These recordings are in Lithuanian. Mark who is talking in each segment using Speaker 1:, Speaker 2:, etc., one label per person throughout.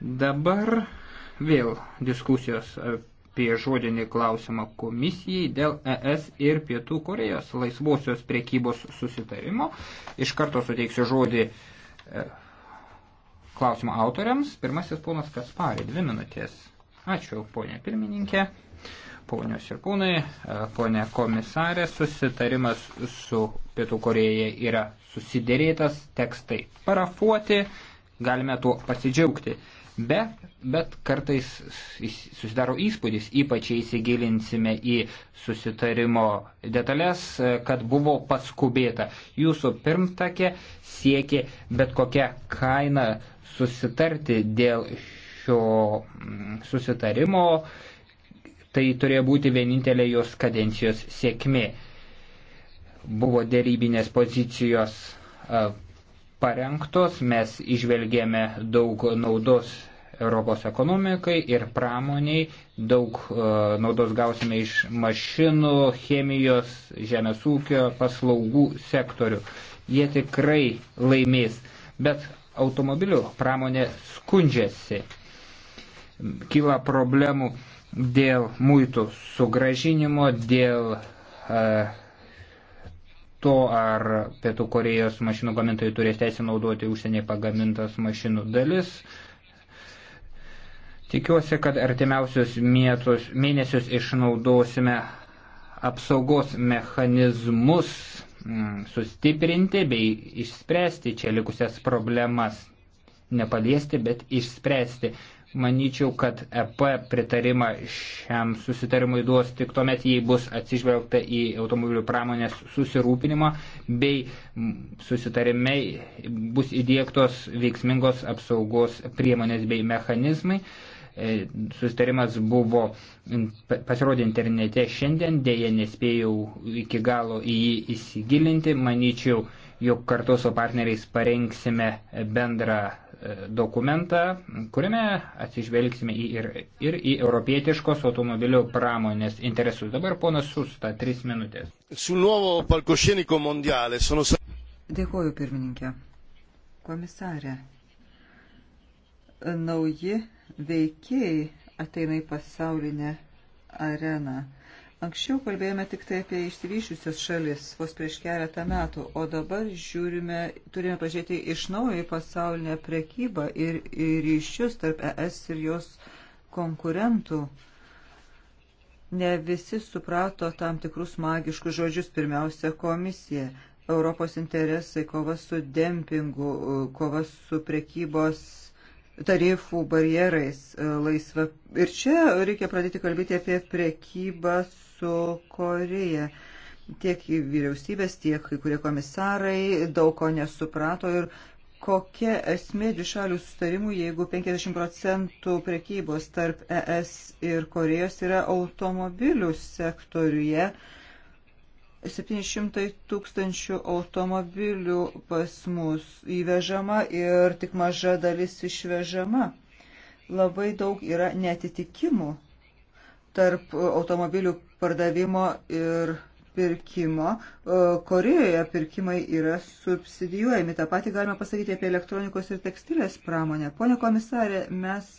Speaker 1: Dabar vėl diskusijos apie žodinį klausimą komisijai dėl ES ir Pietų Korejos laisvosios priekybos susitarimo. Iš karto suteiksiu žodį e, klausimo autoriams. Pirmasis ponas Kasparė, dvi minutės. Ačiū, ponė pirmininkė. Ponios ir ponai, e, ponė komisarė, susitarimas su Pietų Koreja yra susidėrėtas, tekstai parafuoti, galime tuo pasidžiaugti. Be, bet kartais susidaro įspūdis, ypač jei įsigilinsime į susitarimo detalės, kad buvo paskubėta. Jūsų pirmtakė siekė bet kokią kainą susitarti dėl šio mm, susitarimo. Tai turėjo būti vienintelė jos kadencijos sėkmė. Buvo dėrybinės pozicijos parengtos, mes išvelgėme daug naudos Europos ekonomikai ir pramoniai. Daug e, naudos gausime iš mašinų, chemijos, žemės ūkio, paslaugų sektorių. Jie tikrai laimės. Bet automobilių pramonė skundžiasi. Kyla problemų dėl muitų sugražinimo, dėl uh, to, ar Pietų Korejos mašinų gamintojai turės teisę naudoti užsienį pagamintas mašinų dalis. Uh, Tikiuosi, kad artimiausius mėtus, mėnesius išnaudosime apsaugos mechanizmus mm, sustiprinti bei išspręsti čia likusias problemas. Nepaliesti, bet išspręsti. Manyčiau, kad EP pritarimą šiam susitarimui duos tik tuomet, jei bus atsižvelgta į automobilių pramonės susirūpinimą, bei mm, susitarime bus įdėktos veiksmingos apsaugos priemonės bei mechanizmai. E, sustarimas buvo pasirodė internete šiandien, dėje nespėjau iki galo į jį įsigilinti, manyčiau, jog kartu su partneriais parengsime bendrą e, dokumentą, kuriame atsižvelgsime į ir, ir į europietiškos automobilių pramonės interesus. Dabar ponas Susta, tris minutės.
Speaker 2: Dėkuoju, pirmininkė. Komisarė, nauji veikėjai ateina į pasaulinę areną. Anksčiau kalbėjome tik tai apie išsivyšiusios šalis, vos prieš keletą metų, o dabar žiūrime, turime pažiūrėti iš naujo į pasaulinę prekybą ir, ir ryšius tarp ES ir jos konkurentų. Ne visi suprato tam tikrus magiškus žodžius, pirmiausia komisija. Europos interesai, kova su dempingu, kova su prekybos tarifų barjerais e, laisva. Ir čia reikia pradėti kalbėti apie prekybą su Koreja. Tiek vyriausybės, tiek kai kurie komisarai daug ko nesuprato ir kokia esmė dvišalių sustarimų, jeigu 50 procentų prekybos tarp ES ir Korejos yra automobilių sektoriuje. Uh, 700 tūkstančių automobilių pas mus įvežama ir tik maža dalis išvežama. Labai daug yra netitikimų tarp automobilių pardavimo ir pirkimo. Korejoje pirkimai yra subsidijuojami. Ta pati galima pasakyti apie elektronikos ir tekstilės pramonę. Pone komisarė, mes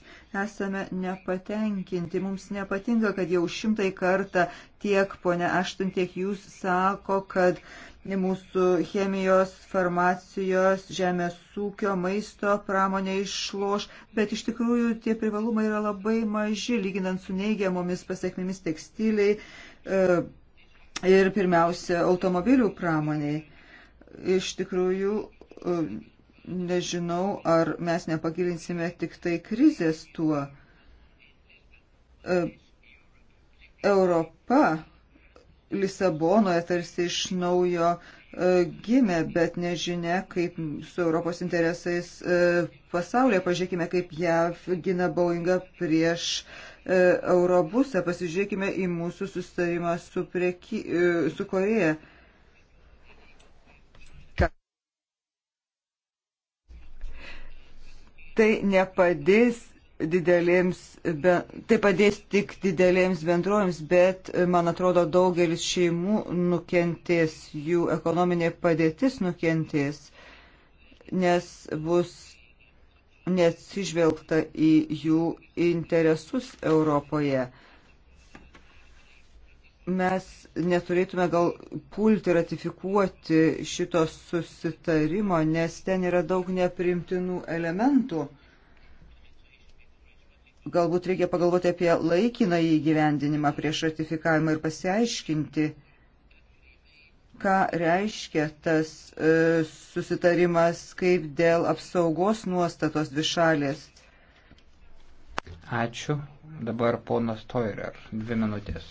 Speaker 2: esame nepatenkinti. Mums nepatinka, kad jau šimtai kartą tiek pone Aštun, tiek jūs sako, kad mūsų chemijos, farmacijos, žemės ūkio, maisto pramonė išloš, bet iš tikrųjų tie privalumai yra labai maži, lyginant su neigiamomis pasiekmėmis tekstiliai. E, ir pirmiausia automobilių pramoniai. Iš tikrųjų, e, nežinau, ar mes nepagilinsime tik tai krizės tuo. E, Europa Lisabonoje tarsi iš naujo uh, E, gimė, bet nežinia, kaip su Europos interesais e, pasaulyje. Pažiūrėkime, kaip JAV gina Boeingą prieš e, Eurobusą. Pasižiūrėkime į mūsų sustarimą su, prieky, su Koreja. Tai nepadės didelėms, be, tai padės tik didelėms bendrovėms, bet, e, man atrodo, daugelis šeimų nukentės, jų ekonominė padėtis nukentės, nes bus neatsižvelgta į jų interesus Europoje. Mes neturėtume gal pulti ratifikuoti šito susitarimo, nes ten yra daug neprimtinų elementų galbūt reikia pagalvoti apie laikiną įgyvendinimą prieš ratifikavimą ir pasiaiškinti, ką reiškia tas e, susitarimas, kaip dėl apsaugos nuostatos dvišalės.
Speaker 1: Ačiū. Dabar ponas Toirer, dvi minutės.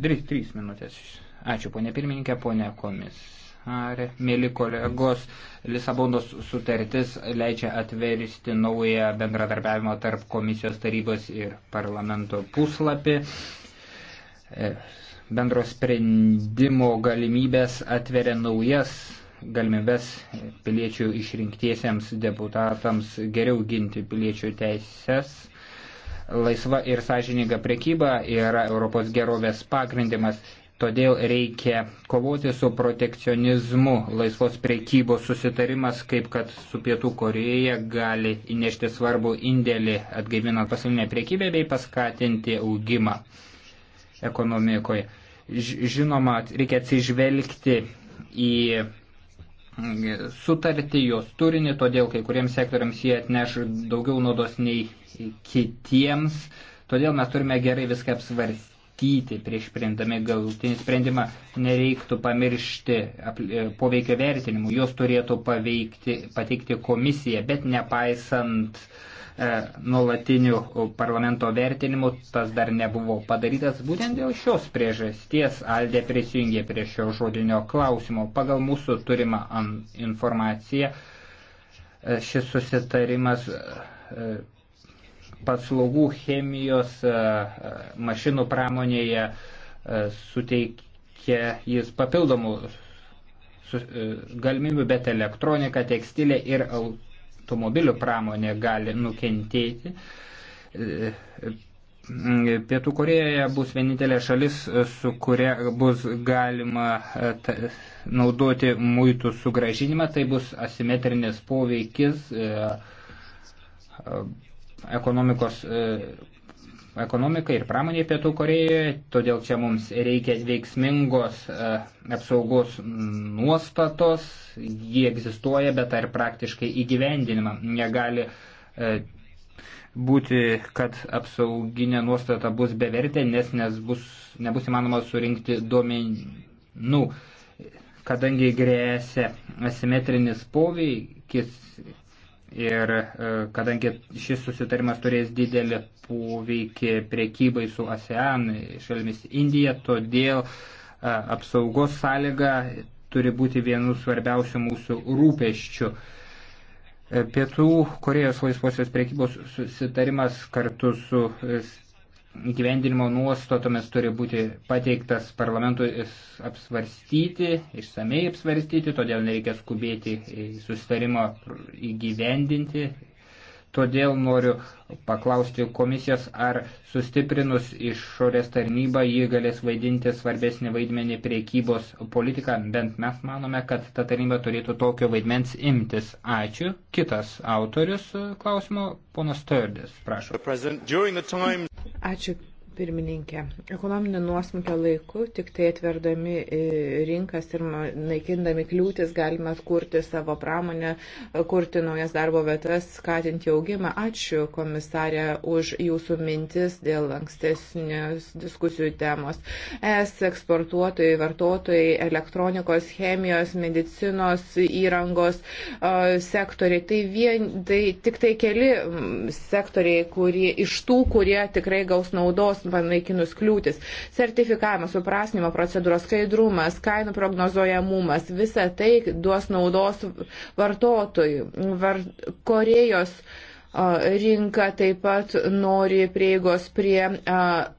Speaker 1: Dvi, trys minutės. Ačiū, ponė pirmininkė, ponė komis narė, mėly kolegos, Lisabonos sutartis leidžia atversti naują bendradarbiavimo tarp komisijos tarybos ir parlamento puslapį. E, bendro sprendimo galimybės atveria naujas galimybės piliečių išrinktiesiems deputatams geriau ginti piliečių teises. Laisva ir sąžininga prekyba yra Europos gerovės pagrindimas Todėl reikia kovoti su protekcionizmu. Laisvos priekybos susitarimas, kaip kad su Pietų Koreja, gali įnešti svarbų indėlį atgaivinant pasaulinę priekybę bei paskatinti augimą ekonomikoje. Žinoma, reikia atsižvelgti į sutartį, jos turinį, todėl kai kuriems sektoriams jie atneš daugiau naudos nei kitiems. Todėl mes turime gerai viską apsvarstyti apsvarstyti prieš priimdami galutinį sprendimą. Nereiktų pamiršti e, poveikio vertinimų, juos turėtų paveikti, pateikti komisija, bet nepaisant e, nuolatinių parlamento vertinimų, tas dar nebuvo padarytas. Būtent dėl šios priežasties Aldė prisijungė prie šio žodinio klausimo. Pagal mūsų turimą informaciją e, šis susitarimas. E, paslaugų chemijos e, e, mašinų pramonėje e, suteikia jis papildomų galimybių, bet elektronika, tekstilė ir automobilių pramonė gali nukentėti. Pietų Korejoje bus vienintelė šalis, su kuria bus galima naudoti muitų sugražinimą, tai bus asimetrinis poveikis ekonomikos, e, ekonomikai ir pramoniai Pietų Korejoje, todėl čia mums reikia veiksmingos e, apsaugos nuostatos, ji egzistuoja, bet ar praktiškai įgyvendinimą negali e, būti, kad apsauginė nuostata bus bevertė, nes, nes bus, nebus įmanoma surinkti duomenų, kadangi grėsia asimetrinis poveikis Ir e, kadangi šis susitarimas turės didelį poveikį priekybai su ASEAN šalimis Indija, todėl e, apsaugos sąlyga turi būti vienu svarbiausių mūsų rūpeščių. E, Pietų Korejos laisvosios priekybos susitarimas kartu su gyvendinimo nuostatomis turi būti pateiktas parlamentui apsvarstyti, išsamei apsvarstyti, todėl nereikia skubėti sustarimo įgyvendinti. Todėl noriu paklausti komisijos, ar sustiprinus išorės tarnybą jį galės vaidinti svarbesnį vaidmenį priekybos politiką, bent mes manome, kad ta tarnyba turėtų tokio vaidmens imtis. Ačiū. Kitas autorius e, klausimo, ponas Turdis, prašau.
Speaker 3: Ačiū pirmininkė. Ekonominio nuosmukio laiku, tik tai atverdami e, rinkas ir naikindami kliūtis, galime atkurti savo pramonę, kurti naujas darbo vietas, skatinti augimą. Ačiū komisarė už jūsų mintis dėl ankstesnės diskusijų temos. Es eksportuotojai, vartotojai, elektronikos, chemijos, medicinos, įrangos e, sektoriai. Tai, vien, tai tik tai keli sektoriai, kurie, iš tų, kurie tikrai gaus naudos panaikinus kliūtis. Sertifikavimas, suprasnimo procedūros, skaidrumas, kainų prognozojamumas, visa tai duos naudos vartotojui. Var, Korejos uh, rinka taip pat nori prieigos prie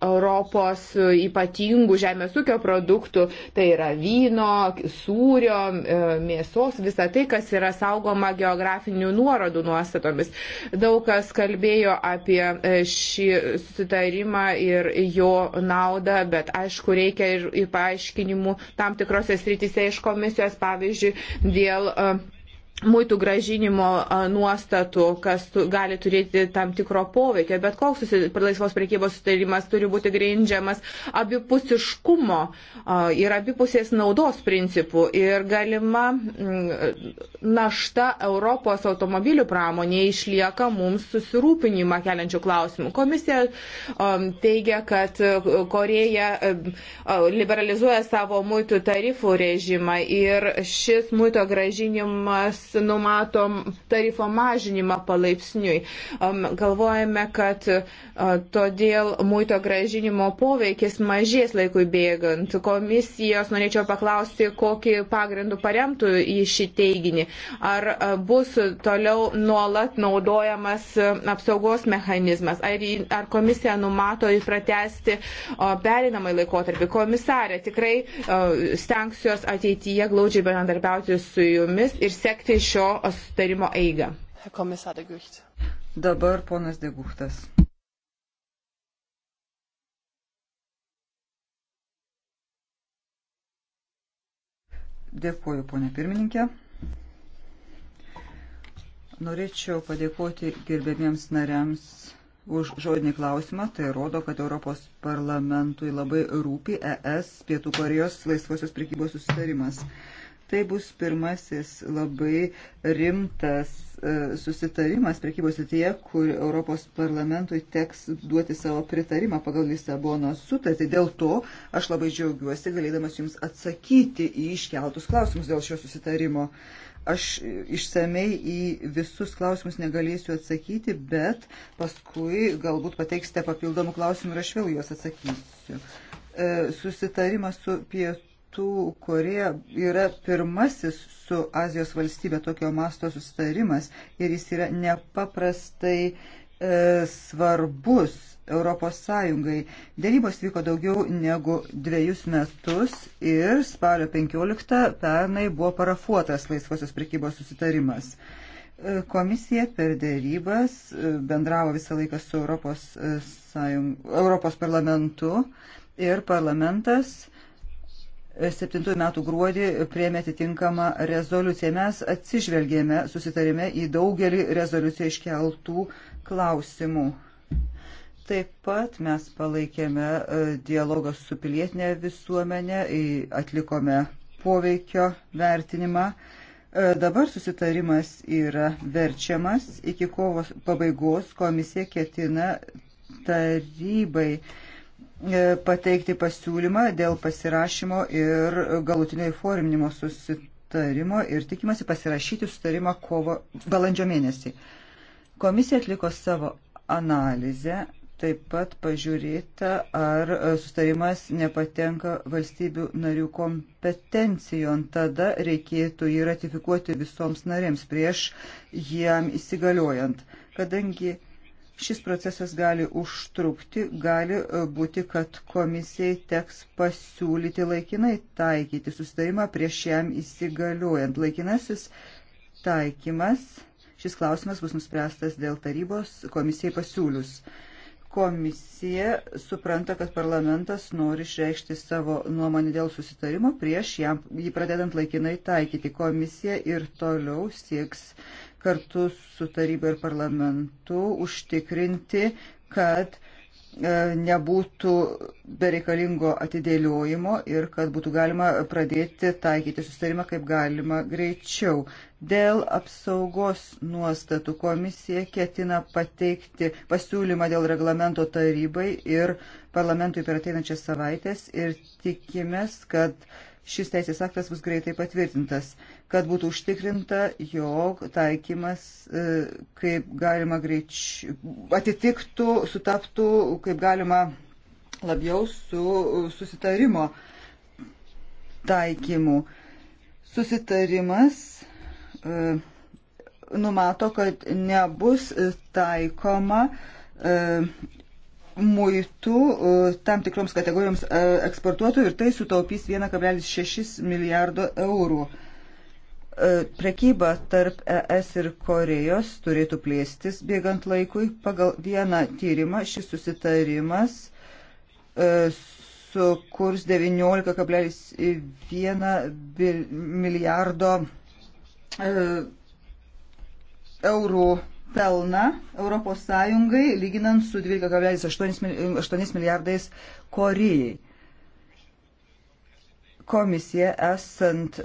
Speaker 3: Europos ypatingų žemės ūkio produktų, tai yra vyno, sūrio, e, mėsos, visa tai, kas yra saugoma geografinių nuorodų nuostatomis. Daug kas kalbėjo apie e, šį susitarimą ir jo naudą, bet aišku, reikia ir paaiškinimų tam tikrose srityse iš komisijos, pavyzdžiui, dėl uh, muitų gražinimo nuostatų, kas gali turėti tam tikro poveikio. Bet koks laisvos priekybos sutarimas turi būti grindžiamas abipusiškumo ir abipusės naudos principų. Ir galima našta Europos automobilių pramonėje išlieka mums susirūpinimą keliančių klausimų. Komisija teigia, kad Koreja liberalizuoja savo muitų tarifų režimą ir šis muito gražinimas numatom tarifo mažinimą palaipsniui. Galvojame, kad todėl muito gražinimo poveikis mažės laikui bėgant. Komisijos norėčiau paklausti, kokį pagrindų paremtų į šį teiginį. Ar bus toliau nuolat naudojamas apsaugos mechanizmas? Ar, ar komisija numato įpratesti perinamai laikotarpį? Komisarė, tikrai stengsiuos ateityje glaudžiai bendradarbiauti su jumis ir sekti šio sutarimo eigą.
Speaker 2: Dabar ponas Deguhtas. Dėkuoju, ponė pirmininkė. Norėčiau padėkoti gerbėmiems nariams už žodinį klausimą. Tai rodo, kad Europos parlamentui labai rūpi ES Pietų Korejos laisvosios prekybos susitarimas. Tai bus pirmasis labai rimtas e, susitarimas prekybos srityje, kur Europos parlamentui teks duoti savo pritarimą pagal Lisabonos sutartį. Dėl to aš labai džiaugiuosi galėdamas Jums atsakyti į iškeltus klausimus dėl šio susitarimo. Aš išsamei į visus klausimus negalėsiu atsakyti, bet paskui galbūt pateiksite papildomų klausimų ir aš vėl juos atsakysiu. E, susitarimas su pietų Pietų Koreja yra pirmasis su Azijos valstybė tokio masto sustarimas ir jis yra nepaprastai e, svarbus Europos Sąjungai. Dėrybos vyko daugiau negu dviejus metus ir spalio 15 pernai buvo parafuotas laisvosios prekybos susitarimas. E, komisija per dėrybas e, bendravo visą laiką su Europos, e, Sąjung, Europos parlamentu ir parlamentas 7 metų gruodį prieėmė atitinkamą rezoliuciją. Mes atsižvelgėme susitarime į daugelį rezoliuciją iškeltų klausimų. Taip pat mes palaikėme e, dialogą su pilietinė visuomenė, atlikome poveikio vertinimą. E, dabar susitarimas yra verčiamas. Iki kovo pabaigos komisija ketina tarybai uh, E, pateikti pasiūlymą dėl pasirašymo ir galutinio įforminimo susitarimo ir tikimasi pasirašyti susitarimą kovo balandžio mėnesį. Komisija atliko savo analizę, taip pat pažiūrėta, ar e, sustarimas nepatenka valstybių narių kompetencijon, tada reikėtų jį ratifikuoti visoms narėms prieš jam įsigaliojant. Kadangi Šis procesas gali užtrukti, gali e, būti, kad komisijai teks pasiūlyti laikinai taikyti sustarimą prieš jam įsigaliojant. Laikinasis taikymas, šis klausimas bus nuspręstas dėl tarybos komisijai pasiūlius komisija supranta, kad parlamentas nori išreikšti savo nuomonę dėl susitarimo prieš jam, jį pradedant laikinai taikyti. Komisija ir toliau sieks kartu su taryba ir parlamentu užtikrinti, kad e, nebūtų bereikalingo atidėliojimo ir kad būtų galima pradėti taikyti sustarimą kaip galima greičiau. Dėl apsaugos nuostatų komisija ketina pateikti pasiūlymą dėl reglamento tarybai ir parlamentui per ateinančias savaitės ir tikimės, kad šis teisės aktas bus greitai patvirtintas kad būtų užtikrinta, jog taikymas e, kaip galima greičiau atitiktų, sutaptų kaip galima labiau su susitarimo taikymu. Susitarimas e, numato, kad nebus taikoma e, muitų tam tikroms kategorijoms eksportuotojų ir tai sutaupys 1,6 milijardo eurų. E, prekyba tarp ES ir Korejos turėtų plėstis bėgant laikui. Pagal vieną tyrimą šis susitarimas e, sukurs 19,1 milijardo e, eurų pelną Europos Sąjungai, lyginant su 12,8 milijardais Korejai. Komisija esant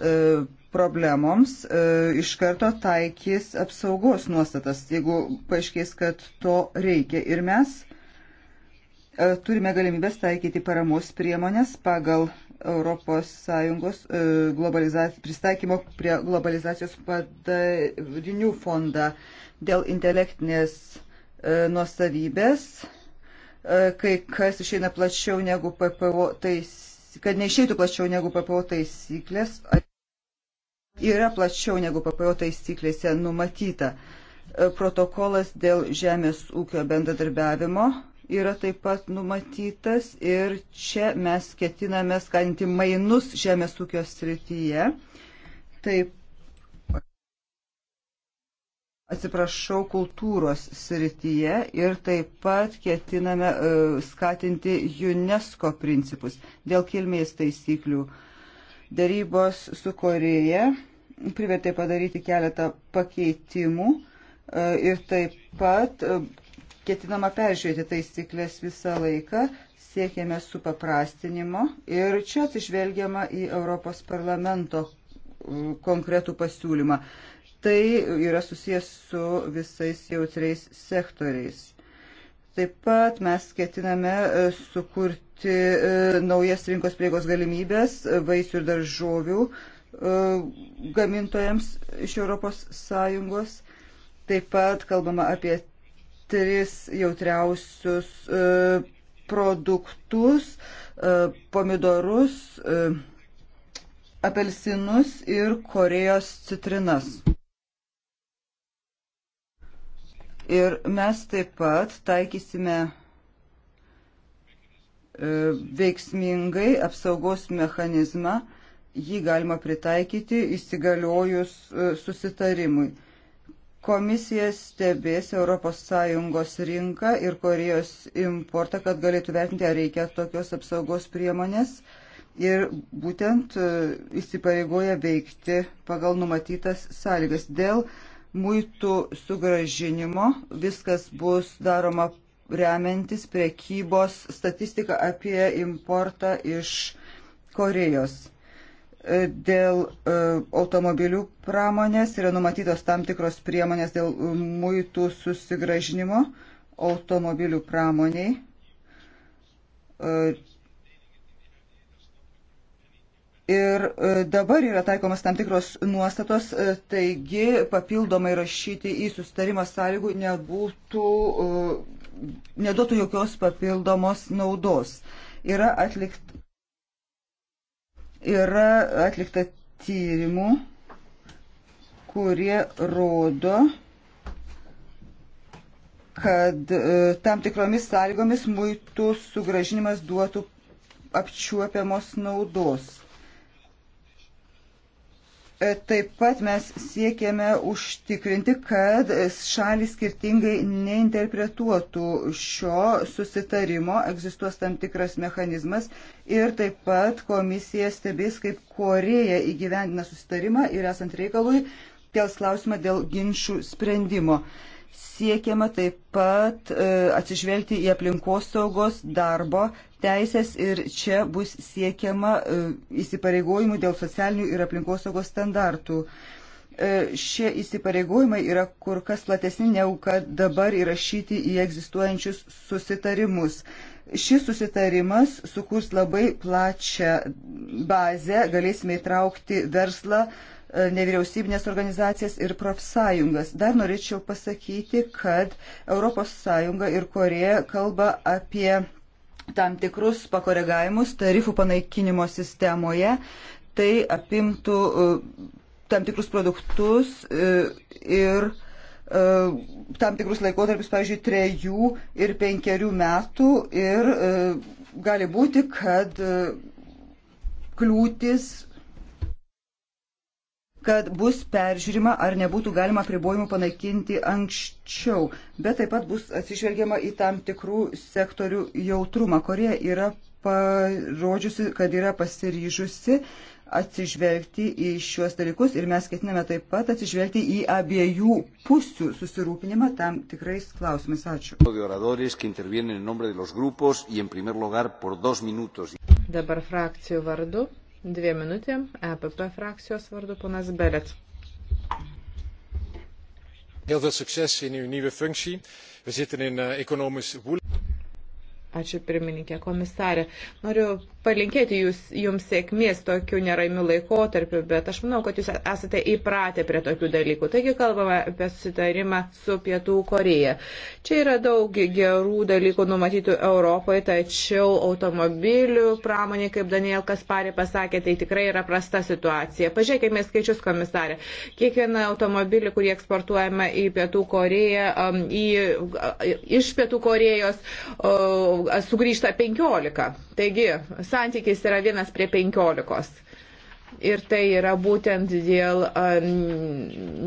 Speaker 2: problemoms e, iš karto taikys apsaugos nuostatas, jeigu paaiškės, kad to reikia. Ir mes e, turime galimybės taikyti paramos priemonės pagal ES e, pristaikymo prie globalizacijos padarinių fondą dėl intelektinės e, nuosavybės, e, kai kas išeina plačiau negu PPO taisyklės, kad neišeitų plačiau negu PPO taisyklės yra plačiau negu PPO taisyklėse numatyta. E, protokolas dėl žemės ūkio bendradarbiavimo yra taip pat numatytas ir čia mes ketiname skanti mainus žemės ūkio srityje. Taip, atsiprašau, kultūros srityje ir taip pat ketiname uh, skatinti UNESCO principus dėl kilmės taisyklių. Uh, Darybos su Koreja privertė padaryti keletą pakeitimų e, ir taip pat e, ketinama peržiūrėti taisyklės visą laiką, siekėme supaprastinimo ir čia atsižvelgiama į Europos parlamento e, konkretų pasiūlymą. Tai yra susijęs su visais jautriais sektoriais. Taip pat mes ketiname e, sukurti e, naujas rinkos prieigos galimybės e, vaisių ir daržovių gamintojams iš ES. Taip pat kalbama apie tris jautriausius produktus, pomidorus, apelsinus ir Korejos citrinas. Ir mes taip pat taikysime e, veiksmingai apsaugos mechanizmą, jį galima pritaikyti įsigaliojus e, susitarimui. Komisija stebės ES rinką ir Korejos importą, kad galėtų vertinti, ar reikia tokios apsaugos priemonės ir būtent e, įsipareigoja veikti pagal numatytas sąlygas. Dėl uh, muitų sugražinimo. Viskas bus daroma remiantis prekybos statistiką apie importą iš Korejos. E, dėl e, automobilių pramonės yra numatytos tam tikros priemonės dėl e, muitų susigražinimo automobilių pramoniai Ir e, dabar yra taikomas tam tikros nuostatos, e, taigi papildomai rašyti į sustarimą sąlygų nebūtų, e, neduotų jokios papildomos naudos. Yra, atlikt, yra atlikta tyrimų, kurie rodo, kad tam tikromis sąlygomis muitų sugražinimas duotų apčiuopiamos naudos E, taip pat mes siekiame užtikrinti, kad šalis skirtingai neinterpretuotų šio susitarimo, egzistuos tam tikras mechanizmas ir taip pat komisija stebės, kaip Koreja įgyvendina susitarimą ir esant reikalui kels klausimą dėl ginčių sprendimo. Uh, Siekiama taip pat e, atsižvelgti į aplinkosaugos darbo teisės ir čia bus siekiama e, įsipareigojimų dėl socialinių ir aplinkosaugos standartų. E, šie įsipareigojimai yra kur kas platesni negu kad dabar įrašyti į egzistuojančius susitarimus. Šis susitarimas sukurs labai plačią bazę, galėsime įtraukti verslą, nevyriausybinės organizacijas ir profsąjungas. Dar norėčiau pasakyti, kad ES ir Koreja kalba apie tam tikrus pakoregavimus tarifų panaikinimo sistemoje. Tai apimtų e, tam tikrus produktus e, ir e, tam tikrus laikotarpius, pavyzdžiui, trejų ir penkerių metų ir gali būti, kad kliūtis kad bus peržiūrima, ar nebūtų galima pribojimų panaikinti anksčiau, bet taip pat bus atsižvelgiama į tam tikrų sektorių jautrumą. Korėja yra parodžiusi, kad yra pasiryžusi atsižvelgti į šiuos dalykus ir mes ketiname taip pat atsižvelgti į abiejų pusių susirūpinimą tam tikrais klausimais. Ačiū.
Speaker 3: Dabar frakcijų vardu Dviem minutėm. EPP frakcijos vardu ponas Belet.
Speaker 1: Heel veel succes in uw nieuwe functie. We zitten in uh, economisch woel.
Speaker 3: Ačiū pirmininkė komisarė. Noriu palinkėti jūs, jums sėkmės tokiu neraimiu laikotarpiu, bet aš manau, kad jūs esate įpratę prie tokių dalykų. Taigi kalbame apie susitarimą su Pietų Koreja. Čia yra daug gerų dalykų numatytų Europoje, tačiau automobilių pramonė, kaip Daniel Kasparė pasakė, tai tikrai yra prasta situacija. Pažiūrėkime skaičius, komisarė. Kiekvieną automobilį, kurį eksportuojame į Pietų Koreją, um, į, iš Pietų Korejos uh, sugrįžta 15. Taigi santykis yra vienas prie 15. Ir tai yra būtent dėl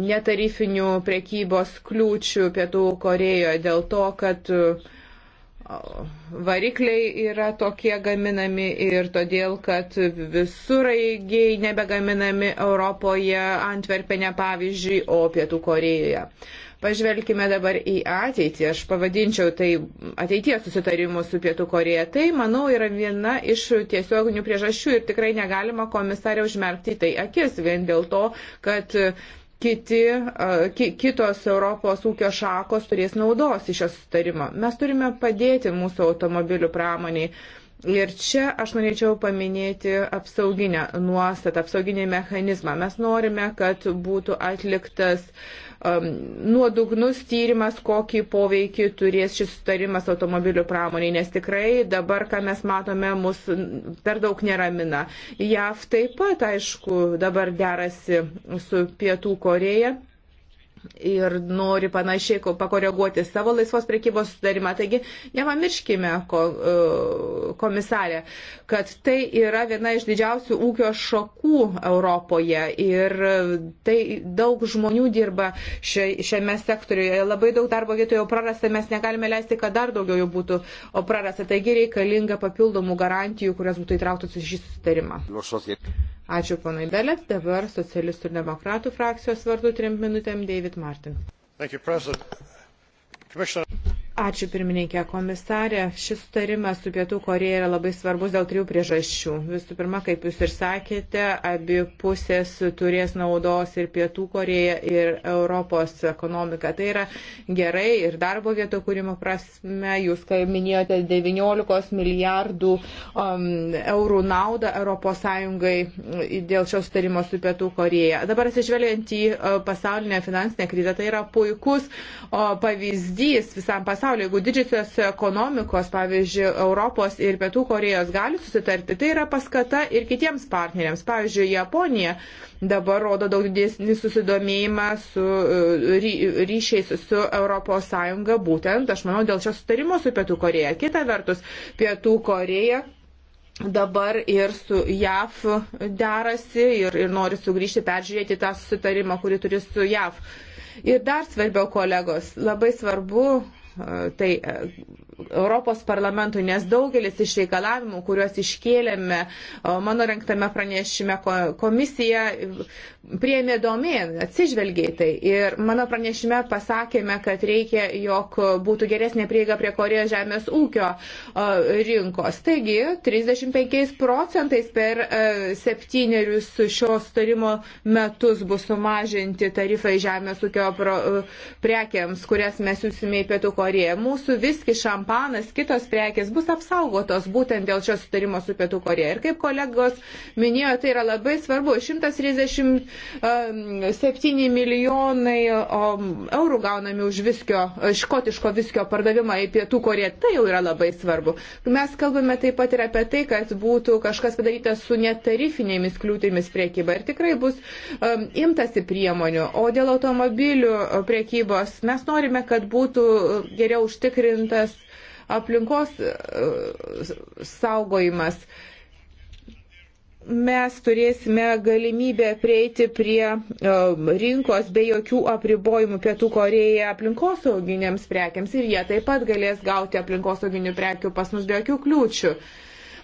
Speaker 3: netarifinių prekybos kliūčių Pietų Korejoje, dėl to, kad varikliai yra tokie gaminami ir todėl, kad visuraigiai nebegaminami Europoje, Antverpene pavyzdžiui, o Pietų Korejoje. Pažvelkime dabar į ateitį. Aš pavadinčiau tai ateities susitarimu su Pietų Koreja. Tai, manau, yra viena iš tiesioginių priežasčių ir tikrai negalima komisarė užmerkti tai akis vien dėl to, kad kiti, ki, kitos Europos ūkio šakos turės naudos iš šio sutarimo. Mes turime padėti mūsų automobilių pramoniai. Ir čia aš norėčiau paminėti apsauginę nuostatą, apsauginį mechanizmą. Mes norime, kad būtų atliktas uh, Um, nuodugnus tyrimas, kokį poveikį turės šis sutarimas automobilių pramoniai, nes tikrai dabar, ką mes matome, mus per daug neramina. JAV taip pat, aišku, dabar derasi su Pietų Koreja ir nori panašiai pakoreguoti savo laisvos prekybos sudarimą. Taigi nepamirškime, e, komisarė, kad tai yra viena iš didžiausių ūkio šakų Europoje ir e, tai daug žmonių dirba šiame sektoriuje. Labai daug darbo vietų jau prarasta, mes negalime leisti, kad dar daugiau jų būtų prarasta. Taigi reikalinga papildomų garantijų, kurias būtų įtrauktos į šį sudarimą. Ačiū, ponai Belės. Dabar socialistų ir demokratų frakcijos vardu trim minutėm David Martin. You, Ačiū pirmininkė komisarė. Šis sutarimas su Pietų Koreja yra labai svarbus dėl trijų priežasčių. Visų pirma, kaip jūs ir sakėte, abi pusės turės naudos ir Pietų Koreja, ir Europos ekonomika. Tai yra gerai ir darbo vietų kūrimo prasme. Jūs, kaip minėjote, 19 milijardų um, eurų naudą Europos Sąjungai e, dėl šios sutarimo su Pietų Koreja. Dabar atsižvelgiant į e, pasaulinę finansinę krizę, tai yra puikus o, pavyzdys visam pasauliu pasaulio. Jeigu didžiosios ekonomikos, pavyzdžiui, Europos ir Pietų Korejos gali susitarti, tai yra paskata ir kitiems partneriams. Pavyzdžiui, Japonija dabar rodo daug didesnį susidomėjimą su e, ry, ryšiais su ES, būtent, aš manau, dėl šio sutarimo su Pietų Koreja. Kita vertus, Pietų Koreja dabar ir su JAF derasi ir, ir nori sugrįžti, peržiūrėti tą susitarimą, kurį turi su JAF. Ir dar svarbiau, kolegos, labai svarbu tai e, Europos parlamentui, nes daugelis iš reikalavimų, kuriuos iškėlėme e, mano renktame pranešime, komisija prieimė domėn, atsižvelgiai tai. Ir mano pranešime pasakėme, kad reikia, jog būtų geresnė prieiga prie Korejos žemės ūkio e, rinkos. Taigi, 35 procentais per septynerius šios tarimo metus bus sumažinti tarifai žemės ūkio prekiams, kurias mes siūsime į pietų Korėja. Mūsų viski, šampanas, kitos prekės bus apsaugotos būtent dėl šio sutarimo su Pietų Korėja. Ir kaip kolegos minėjo, tai yra labai svarbu. 137 um, milijonai um, eurų gaunami už viskio, škotiško viskio pardavimą į Pietų Korėją. Tai jau yra labai svarbu. Mes kalbame taip pat ir apie tai, kad būtų kažkas padaryta su netarifinėmis kliūtimis priekyba. Ir tikrai bus um, imtasi priemonių. O dėl automobilių priekybos mes norime, kad būtų geriau užtikrintas aplinkos e, saugojimas, mes turėsime galimybę prieiti prie e, rinkos be jokių apribojimų Pietų Koreje aplinkosauginiams prekiams ir jie taip pat galės gauti aplinkosauginių prekių pas mus be jokių kliūčių.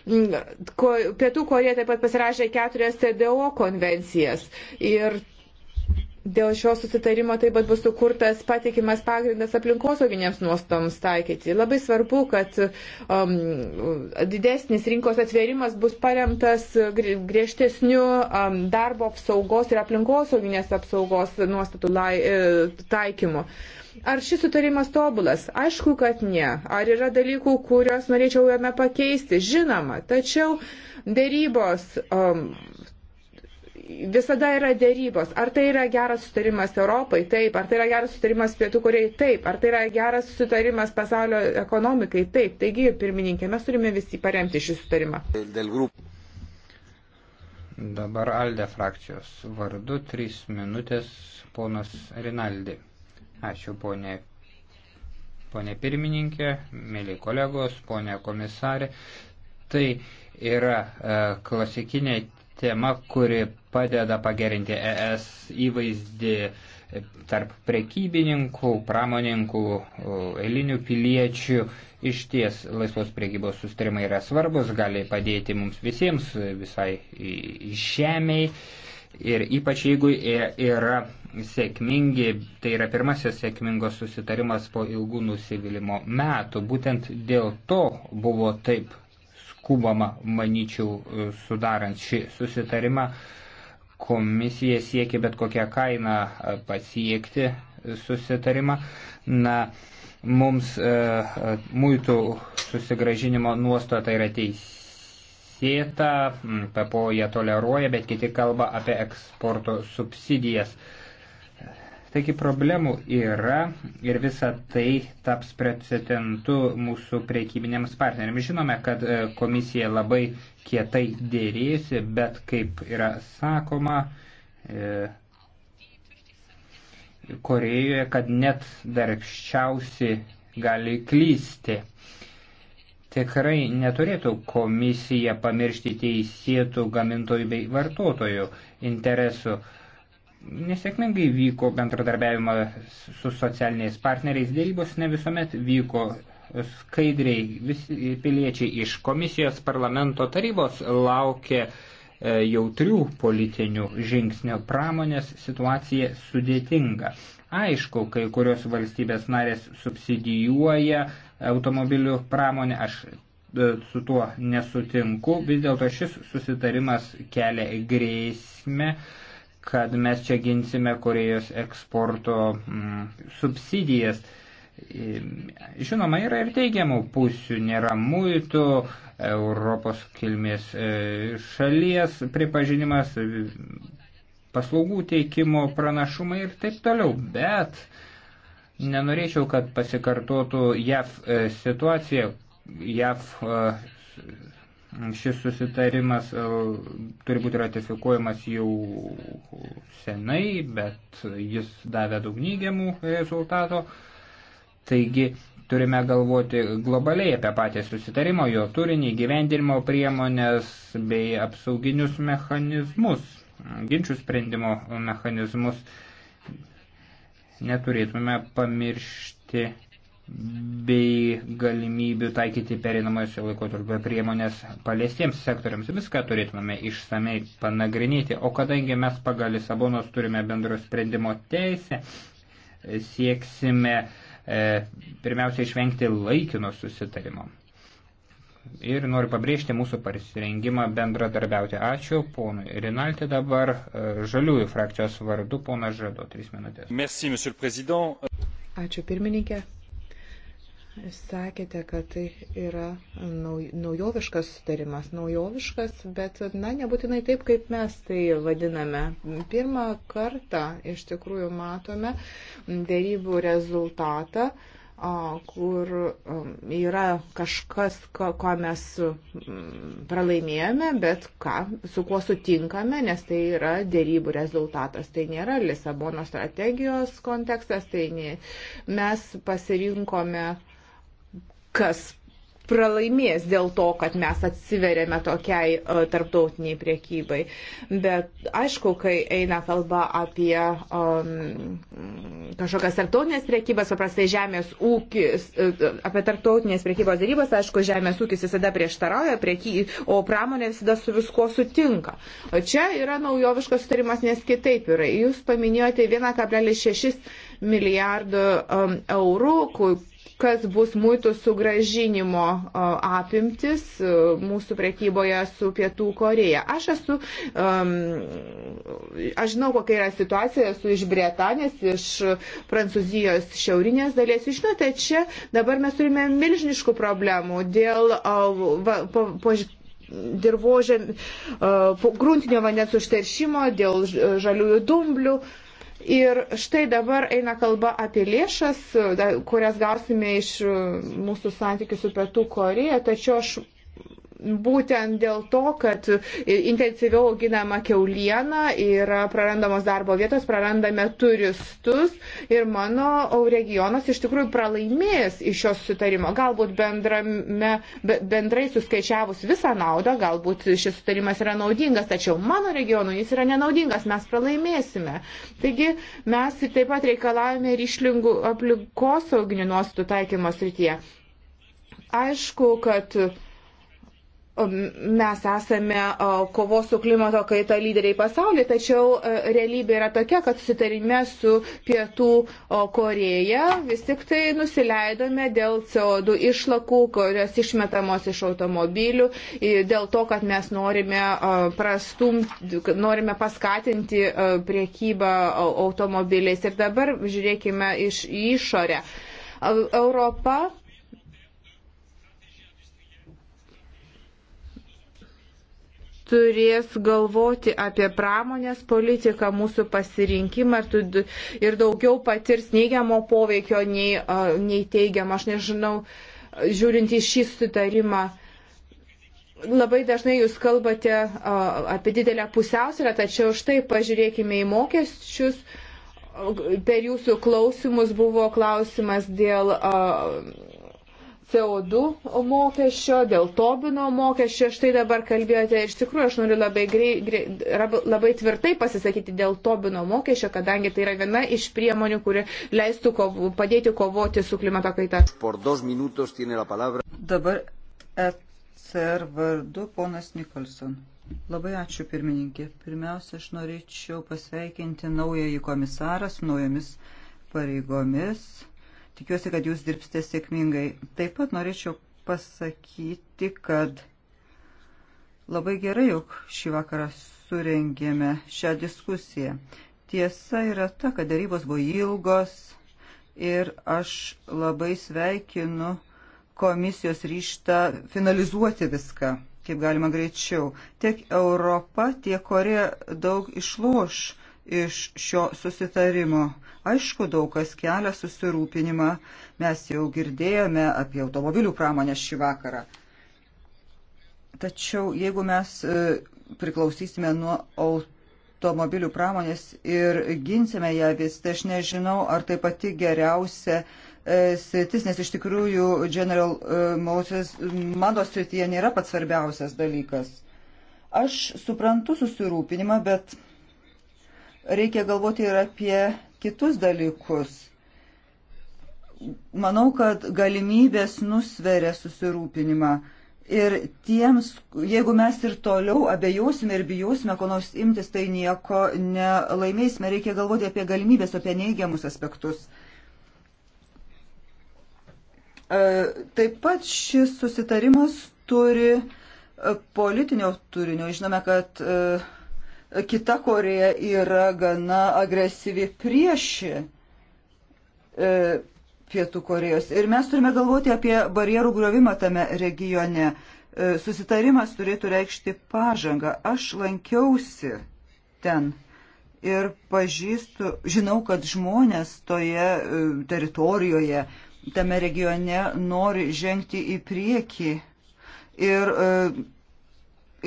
Speaker 3: Pietų Korėja taip pat pasirašė keturias TDO konvencijas ir Dėl šio susitarimo taip pat bus sukurtas patikimas pagrindas aplinkosauginėms nuostoms taikyti. Labai svarbu, kad um, didesnis rinkos atvėrimas bus paremtas griežtesniu um, darbo apsaugos ir aplinkosauginės apsaugos nuostatų lai, e, taikymu. Ar šis sutarimas tobulas? Aišku, kad ne. Ar yra dalykų, kuriuos norėčiau jame pakeisti? Žinoma, tačiau dėrybos. Um, visada yra dėrybos. Ar tai yra geras sutarimas Europai? Taip. Ar tai yra geras sutarimas Pietų Korejai? Taip. Ar tai yra geras sutarimas pasaulio ekonomikai? Taip. Taigi, pirmininkė, mes turime visi paremti šį
Speaker 1: sutarimą. Dabar Alde frakcijos vardu 3 minutės ponas Rinaldi. Ačiū ponė, ponė pirmininkė, mėly kolegos, ponė komisarė. Tai yra e, klasikinė tema, kuri padeda pagerinti ES įvaizdį tarp prekybininkų, pramoninkų, eilinių piliečių. Iš ties laisvos priekybos sustarimai yra svarbus, gali padėti mums visiems, visai žemiai. Ir ypač jeigu yra sėkmingi, tai yra pirmasis sėkmingos susitarimas po ilgų nusivylimų metų. Būtent dėl to buvo taip skubama, manyčiau, e, sudarant šį susitarimą. Komisija siekia bet kokią kainą e, pasiekti susitarimą. Na, mums e, e, muitų susigražinimo nuostata yra teisėta, PPO jie toleruoja, bet kiti kalba apie eksporto subsidijas. E, Taigi problemų yra ir visa tai taps precedentu mūsų priekybinėms partneriams. Žinome, kad e, komisija labai kietai dėrėjusi, bet kaip yra sakoma, e, Korejoje, kad net darbščiausi gali klysti. Tikrai neturėtų komisija pamiršti teisėtų gamintojų bei vartotojų interesų nesėkmingai vyko bendradarbiavimas su socialiniais partneriais, dėrybos ne visuomet vyko skaidriai, visi piliečiai iš komisijos parlamento tarybos laukia e, jautrių politinių žingsnių. Pramonės situacija sudėtinga. Aišku, kai kurios valstybės narės subsidijuoja automobilių pramonę, aš e, su tuo nesutinku, vis dėlto šis susitarimas kelia grėsmę uh, kad mes čia ginsime Korejos eksporto mm, subsidijas. Žinoma, yra ir teigiamų pusių, nėra muitų, Europos kilmės e, šalies pripažinimas, paslaugų teikimo pranašumai ir taip toliau, bet nenorėčiau, kad pasikartotų JAV e, situacija, JAV e, Šis susitarimas e, turi būti ratifikuojamas jau senai, bet jis davė daug neigiamų rezultato. Taigi turime galvoti globaliai apie patį susitarimą, jo turinį, gyvendinimo priemonės bei apsauginius mechanizmus, ginčių sprendimo mechanizmus. Neturėtume pamiršti bei galimybių taikyti pereinamąjį laikotarpio priemonės paliestiems sektoriams. Viską turėtume išsamei panagrinėti, o kadangi mes pagal Lisabonos turime bendro sprendimo teisę, sieksime e, pirmiausia išvengti laikino susitarimo. Ir noriu pabrėžti mūsų pasirengimą bendradarbiauti. Ačiū ponui Rinalti dabar e, žaliųjų frakcijos vardu, ponas Žado, trys minutės. Merci,
Speaker 3: Ačiū pirmininkė. Sakėte, kad tai yra naujoviškas sutarimas, naujoviškas, bet na, nebūtinai taip, kaip mes tai vadiname. Pirmą kartą iš tikrųjų matome dėrybų rezultatą, kur um, yra kažkas, ko mes mm, pralaimėjome, bet ką, su kuo sutinkame, nes tai yra dėrybų rezultatas. Tai nėra Lisabono strategijos kontekstas, tai nė, mes pasirinkome kas pralaimės dėl to, kad mes atsiverėme tokiai e, tarptautiniai priekybai. Bet aišku, kai eina kalba apie um, kažkokias tarptautinės priekybas, paprastai žemės ūkis, e, e, apie tarptautinės priekybos darybas, aišku, žemės ūkis visada prieštarauja, prieky, o pramonė visada su visko sutinka. O čia yra naujoviškas sutarimas, nes kitaip yra. Jūs paminėjote 1,6 milijardų um, eurų, kas bus muitų sugražinimo apimtis mūsų prekyboje su Pietų Koreja. Aš esu, um, aš žinau, kokia yra situacija, esu iš Britanės, iš Prancūzijos šiaurinės dalies. Žinote, čia dabar mes turime milžiniškų problemų dėl uh, va, po, po, dirbožėm, uh, gruntinio vandens užteršimo, dėl žaliųjų dumblių. Uh, Ir štai dabar eina kalba apie lėšas, kurias gausime iš e, mūsų santykių su Pietų Koreja, tačiau aš būtent dėl to, kad intensyviau auginama keuliena, yra prarandamos darbo vietos, prarandame turistus ir mano regionas iš tikrųjų pralaimės iš šios sutarimo. Galbūt bendrame, bendrai suskaičiavus visą naudą, galbūt šis sutarimas yra naudingas, tačiau mano regionui jis yra nenaudingas, mes pralaimėsime. Taigi mes taip pat reikalavome ryšlingų aplinkosauginių nuostatų taikymo srityje. Aišku, kad uh, mes esame kovos su klimato kaita lyderiai pasaulyje, tačiau e, realybė yra tokia, kad susitarime su Pietų Koreja vis tik tai nusileidome dėl CO2 išlakų, kurios išmetamos iš automobilių, dėl to, kad mes norime, prastumti, norime paskatinti priekybą automobiliais. Ir dabar žiūrėkime iš išorę. Europa turės galvoti apie pramonės politiką, mūsų pasirinkimą ir daugiau patirs neigiamo poveikio nei, nei teigiamo. Aš nežinau, žiūrint į šį sutarimą. Labai dažnai jūs kalbate apie didelę pusiausvyrą, tačiau štai pažiūrėkime į mokesčius. Per jūsų klausimus buvo klausimas dėl uh, CO2 mokesčio, dėl Tobino mokesčio, štai dabar kalbėjote, iš tikrųjų aš noriu labai, grei, grei, labai tvirtai pasisakyti dėl Tobino mokesčio, kadangi tai yra viena iš priemonių, kuri leistų kovo, padėti kovoti su klimato kaita.
Speaker 2: Dabar ECR vardu ponas Nikolson. Labai ačiū pirmininkė. Pirmiausia, aš norėčiau pasveikinti naująjį komisarą su naujomis pareigomis Tikiuosi, kad jūs dirbsite sėkmingai. Taip pat norėčiau pasakyti, kad labai gerai, jog šį vakarą surengėme šią diskusiją. Tiesa yra ta, kad darybos buvo ilgos ir aš labai sveikinu komisijos ryštą finalizuoti viską, kaip galima greičiau. Tiek Europa, tiek Korė daug išloš iš šio susitarimo. Aišku, daug kas kelia susirūpinimą. Mes jau girdėjome apie automobilių pramonę šį vakarą. Tačiau jeigu mes e, priklausysime nuo automobilių pramonės ir ginsime ją vis, tai aš nežinau, ar tai pati geriausia e, sritis, nes iš tikrųjų General e, Motors mano srityje nėra pats svarbiausias dalykas. Aš suprantu susirūpinimą, bet reikia galvoti ir apie kitus dalykus. Manau, kad galimybės nusveria susirūpinimą. Ir tiems, jeigu mes ir toliau abejosime ir bijosime, ko nors imtis, tai nieko nelaimėsime. Reikia galvoti apie galimybės, apie neigiamus aspektus. E, taip pat šis susitarimas turi e, politinio turinio. Žinome, kad e, kita Koreja yra gana agresyvi priešė e, Pietų Korejos. Ir mes turime galvoti apie barjerų griovimą tame regione. E, susitarimas turėtų reikšti pažangą. Aš lankiausi ten ir pažįstu, žinau, kad žmonės toje e, teritorijoje, tame regione nori žengti į priekį. Ir e,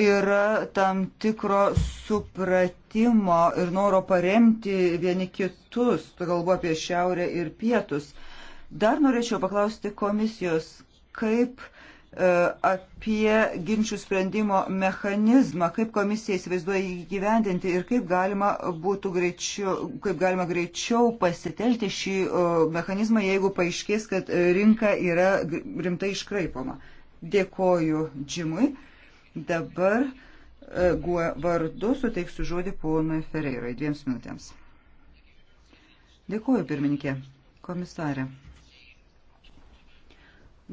Speaker 2: yra tam tikro supratimo ir noro paremti vieni kitus, tu galvo apie šiaurę ir pietus. Dar norėčiau paklausti komisijos, kaip e, apie ginčių sprendimo mechanizmą, kaip komisija įsivaizduoja jį gyvendinti ir kaip galima, būtų greičiau, kaip galima greičiau pasitelti šį e, mechanizmą, jeigu paaiškės, kad rinka yra rimtai iškraipoma. Dėkoju Džimui. Dabar e, vardu suteiksiu žodį ponui Ferreirai dviems minutėms. Dėkuoju, pirmininkė, komisarė.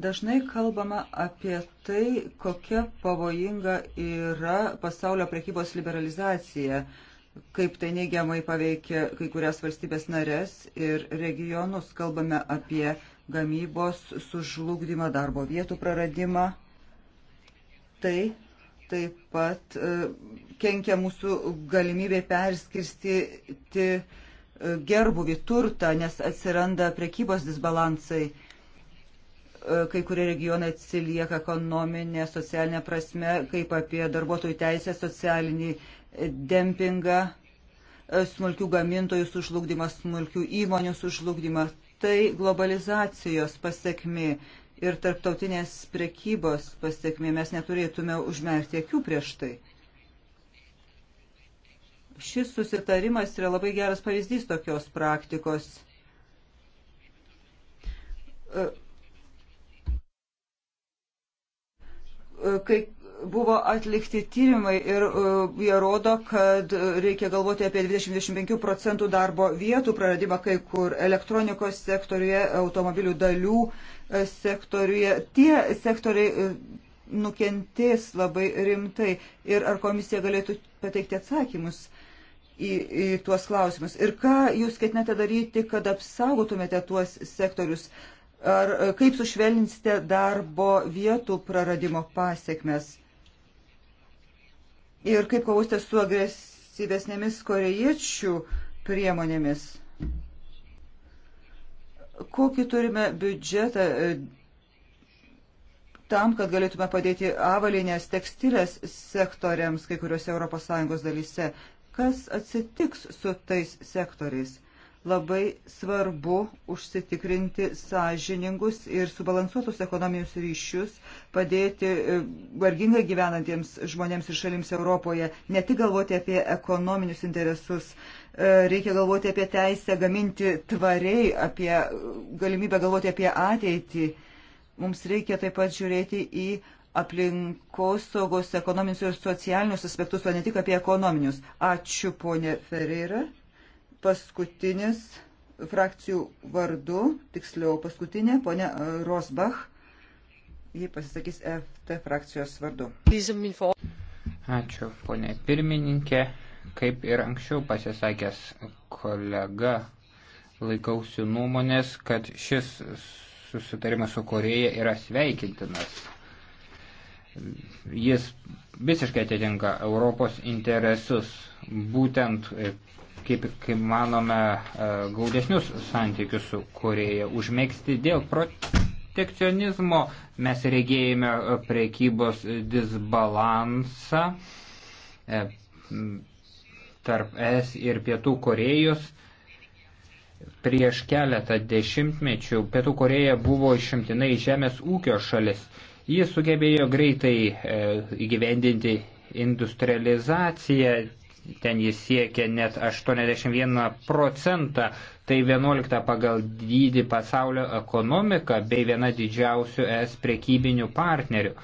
Speaker 2: Dažnai kalbama apie tai, kokia pavojinga yra pasaulio prekybos liberalizacija, kaip tai neigiamai paveikia kai kurias valstybės narės ir regionus. Kalbame apie gamybos sužlugdymą, darbo vietų praradimą. Tai taip pat e, kenkia mūsų galimybė perskirstyti e, gerbuvį turtą, nes atsiranda prekybos disbalansai. E, kai kurie regionai atsilieka ekonominė, socialinė prasme, kaip apie darbuotojų teisę, socialinį dempingą, smulkių gamintojų sužlugdymą, smulkių įmonių sužlugdymą. Tai globalizacijos pasiekmi ir tarptautinės prekybos pasiekmė. Mes neturėtume užmerkti akių prieš tai. Šis susitarimas yra labai geras pavyzdys tokios praktikos. E, e, kai buvo atlikti tyrimai ir e, jie rodo, kad reikia galvoti apie 20-25 procentų darbo vietų praradimą kai kur elektronikos sektoriuje, automobilių dalių sektoriuje, tie sektoriai e, nukentės labai rimtai ir ar komisija galėtų pateikti atsakymus į, į tuos klausimus. Ir ką jūs ketinate daryti, kad apsaugotumėte tuos sektorius? Ar e, kaip sušvelninsite darbo vietų praradimo pasiekmes? Ir kaip kovosite su agresyvesnėmis korejiečių priemonėmis? Kokį turime biudžetą e, tam, kad galėtume padėti avalinės tekstilės sektoriams kai kuriuose ES dalyse. Kas atsitiks su tais sektoriais? Labai svarbu užsitikrinti sąžiningus ir subalansuotus ekonominius ryšius, padėti e, vargingai gyvenantiems žmonėms ir šalims Europoje, ne tik galvoti apie ekonominius interesus E, reikia galvoti apie teisę gaminti tvariai, apie galimybę galvoti apie ateitį. Mums reikia taip pat žiūrėti į aplinkos saugos, ekonominius ir socialinius aspektus, o ne tik apie ekonominius. Ačiū, ponė Ferreira. Paskutinis frakcijų vardu, tiksliau paskutinė, ponė Rosbach. Ji pasisakys FT frakcijos vardu.
Speaker 1: Ačiū, ponė pirmininkė. Kaip ir anksčiau pasisakęs kolega, laikausi nuomonės, kad šis susitarimas su Koreja yra sveikintinas. Jis visiškai atitinka Europos interesus, būtent, e, kaip, kaip manome, e, gaudesnius santykius su Koreja užmėgsti dėl protekcionizmo. Mes regėjome e, prekybos disbalansą tarp ES ir Pietų Korejos. Prieš keletą dešimtmečių Pietų Koreja buvo išimtinai žemės ūkio šalis. Jis sugebėjo greitai e, įgyvendinti industrializaciją, ten jis siekia net 81 procentą, tai 11 pagal dydį pasaulio ekonomiką bei viena didžiausių es prekybinių partnerių.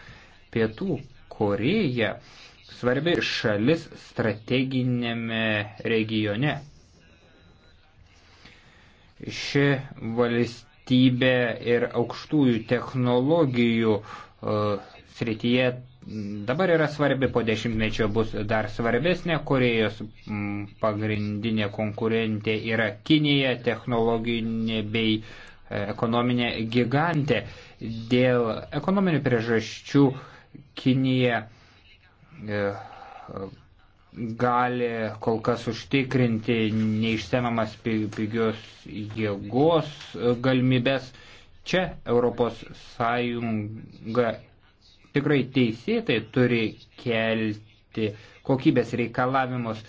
Speaker 1: Pietų Koreja svarbi šalis strateginėme regione. Ši valstybė ir aukštųjų technologijų uh, srityje dabar yra svarbi, po dešimtmečio bus dar svarbesnė. Korejos pagrindinė konkurentė yra Kinija, technologinė bei e, ekonominė gigantė. Dėl ekonominių priežasčių Kinija E, gali kol kas užtikrinti neišsemamas pigios jėgos galimybės. Čia ES tikrai teisėtai turi kelti kokybės reikalavimus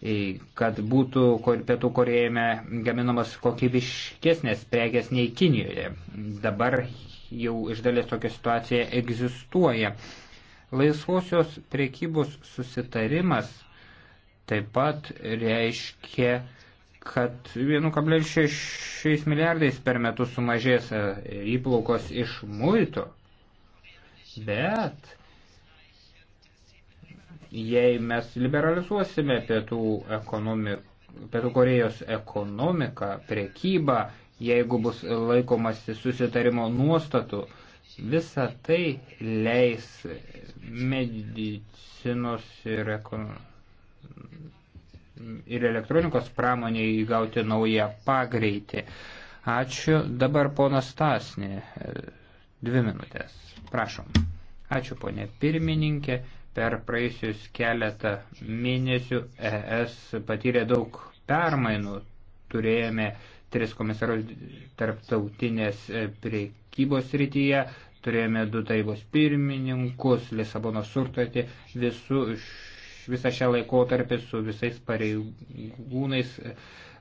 Speaker 1: e, kad būtų pietų Korejame gaminamas kokybiškesnės prekės nei Kinijoje. Dabar jau iš dalies tokia situacija egzistuoja. Laisvosios priekybos susitarimas taip pat reiškia, kad 1,6 milijardais per metus sumažės e, įplaukos iš muito. Bet jei mes liberalizuosime pietų, ekonomik, pietų Korejos ekonomiką, priekybą, jeigu bus laikomasi susitarimo nuostatų, Visa tai leis medicinos ir, ekon... ir elektronikos pramoniai įgauti naują pagreitį. Ačiū. Dabar ponas Tasnė. Dvi minutės. Prašom. Ačiū, ponė pirmininkė. Per praėjusius keletą mėnesių ES patyrė daug permainų. Turėjome tris komisarus tarptautinės e, priekybos rytyje, turėjome du taibos pirmininkus, Lisabono surtatį, visu, visą šią laikotarpį su visais pareigūnais e,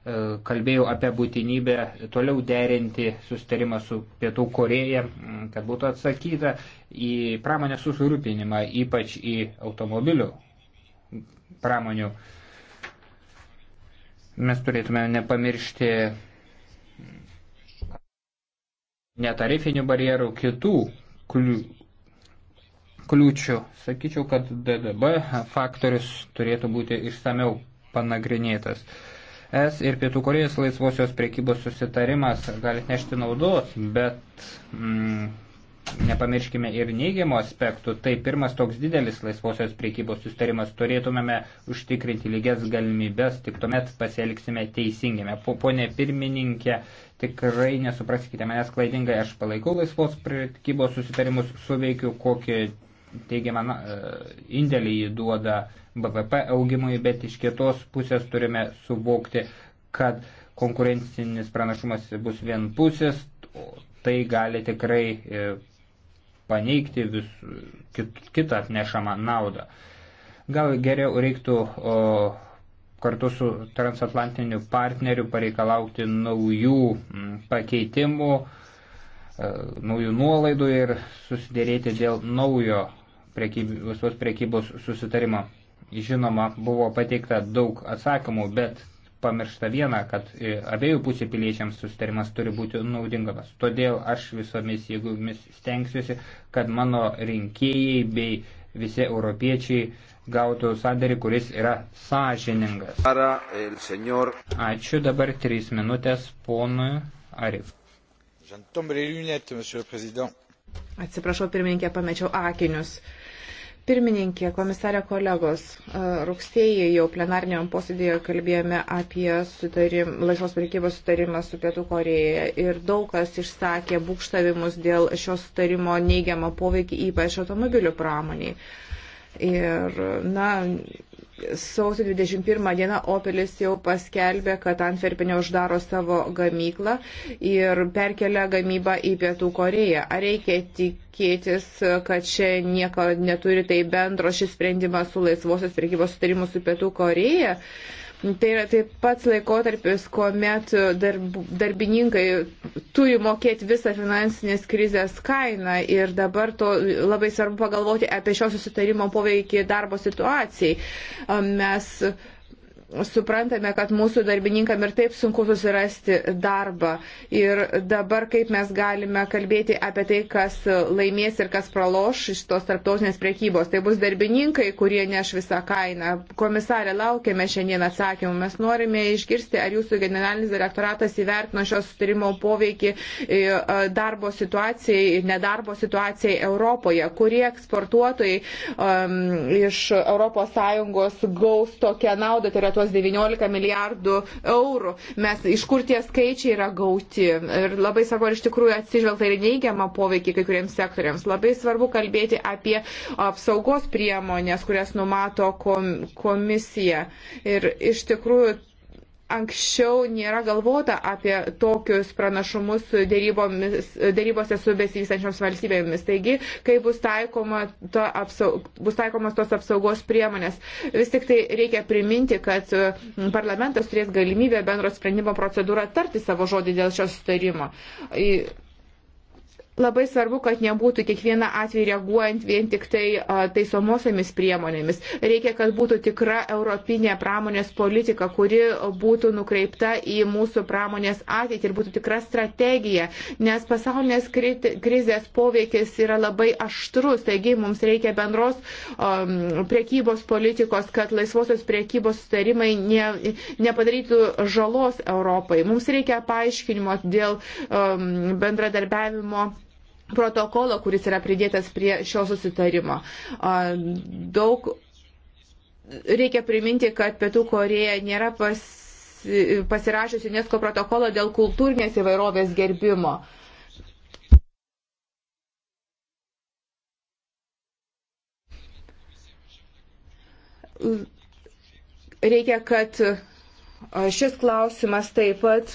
Speaker 1: e, kalbėjau apie būtinybę toliau derinti sustarimą su Pietų Koreja, kad būtų atsakyta į pramonės susirūpinimą, ypač į automobilių pramonių. Mes turėtume nepamiršti netarifinių barjerų, kitų kliūčių. Sakyčiau, kad DDB faktorius turėtų būti išsameu panagrinėtas. Es ir Pietų Korejos laisvosios priekybos susitarimas gali nešti naudos, bet mm, nepamirškime ir neigiamų aspektų. Tai pirmas toks didelis laisvosios priekybos sustarimas. Turėtumėme užtikrinti lygias galimybės, tik tuomet pasielgsime teisingime. Pone pirmininkė, tikrai nesupraskite manęs klaidingai, aš palaikau laisvos priekybos susitarimus, suveikiu kokį teigiamą e, indėlį jį duoda BVP augimui, bet iš kitos pusės turime suvokti, kad konkurencinis pranašumas bus vienpusis, tai gali tikrai e, paneigti vis, kit, kitą atnešamą naudą. Gal geriau reiktų o, kartu su transatlantiniu partneriu pareikalauti naujų pakeitimų, e, naujų nuolaidų ir susidėrėti dėl naujo prekybos, prekybos susitarimo. Žinoma, buvo pateikta daug atsakymų, bet pamiršta viena, kad e, abiejų pusių piliečiams sustarimas turi būti naudingas. Todėl aš visomis jėgomis stengsiuosi, kad mano rinkėjai bei visi europiečiai gautų sandarį, kuris yra sąžiningas. Ačiū dabar trys minutės ponui Arif.
Speaker 3: Atsiprašau, pirmininkė, pamečiau akinius. Pirmininkė, komisarė kolegos, rugsėjį jau plenarniam posėdėje kalbėjome apie sutarim, laisvos prekybos sutarimą su Pietų Koreja ir daug kas išsakė būkštavimus dėl šio sutarimo neigiamą poveikį ypač automobilių pramoniai. Ir, na, sausio 21 dieną Opelis jau paskelbė, kad Antverpenė uždaro savo gamyklą ir perkelia gamybą į Pietų Koreją. Ar reikia tikėtis, kad čia nieko neturi tai bendro šis sprendimas su laisvosios prekybos sutarimu su Pietų Koreja? Uh, Tai yra taip pats laikotarpis, kuomet darb, darbininkai turi mokėti visą finansinės krizės kainą ir dabar to labai svarbu pagalvoti apie šio susitarimo poveikį darbo situacijai. Mes suprantame, kad mūsų darbininkam ir taip sunku susirasti darbą. Ir dabar kaip mes galime kalbėti apie tai, kas laimės ir kas praloš iš tos tarptautinės priekybos. Tai bus darbininkai, kurie neš visą kainą. Komisarė, laukiame šiandien atsakymų. Mes norime išgirsti, ar jūsų generalinis direktoratas įvertino šios sustarimo poveikį e, e, darbo situacijai, nedarbo situacijai Europoje, kurie eksportuotojai um, iš ES gaus tokią naudą. Tai tuos 19 milijardų eurų. Mes iš kur tie skaičiai yra gauti. Ir labai svarbu, ar iš tikrųjų atsižvelgta ir neigiamą poveikį kai kuriems sektoriams. Labai svarbu kalbėti apie apsaugos priemonės, kurias numato komisija. Ir iš tikrųjų anksčiau nėra galvota apie tokius pranašumus dėrybose su besivystančioms valstybėmis. Taigi, kai bus, taikoma to apsaug, bus taikomas tos apsaugos priemonės. Vis tik tai reikia priminti, kad parlamentas turės galimybę bendro sprendimo procedūrą tarti savo žodį dėl šio sustarimo. Labai svarbu, kad nebūtų kiekvieną atvejį reaguojant vien tik tai taisomosiamis priemonėmis. Reikia, kad būtų tikra europinė pramonės politika, kuri būtų nukreipta į mūsų pramonės ateitį ir būtų tikra strategija, nes pasaulinės krizės poveikis yra labai aštrus, taigi mums reikia bendros um, priekybos politikos, kad laisvosios priekybos sutarimai ne, nepadarytų žalos Europai. Mums reikia paaiškinimo dėl um, bendradarbiavimo protokolo, kuris yra pridėtas prie šio susitarimo. Daug reikia priminti, kad Pietų Koreja nėra pas, pasirašiusi UNESCO protokolo dėl kultūrinės įvairovės gerbimo. Reikia, kad šis klausimas taip pat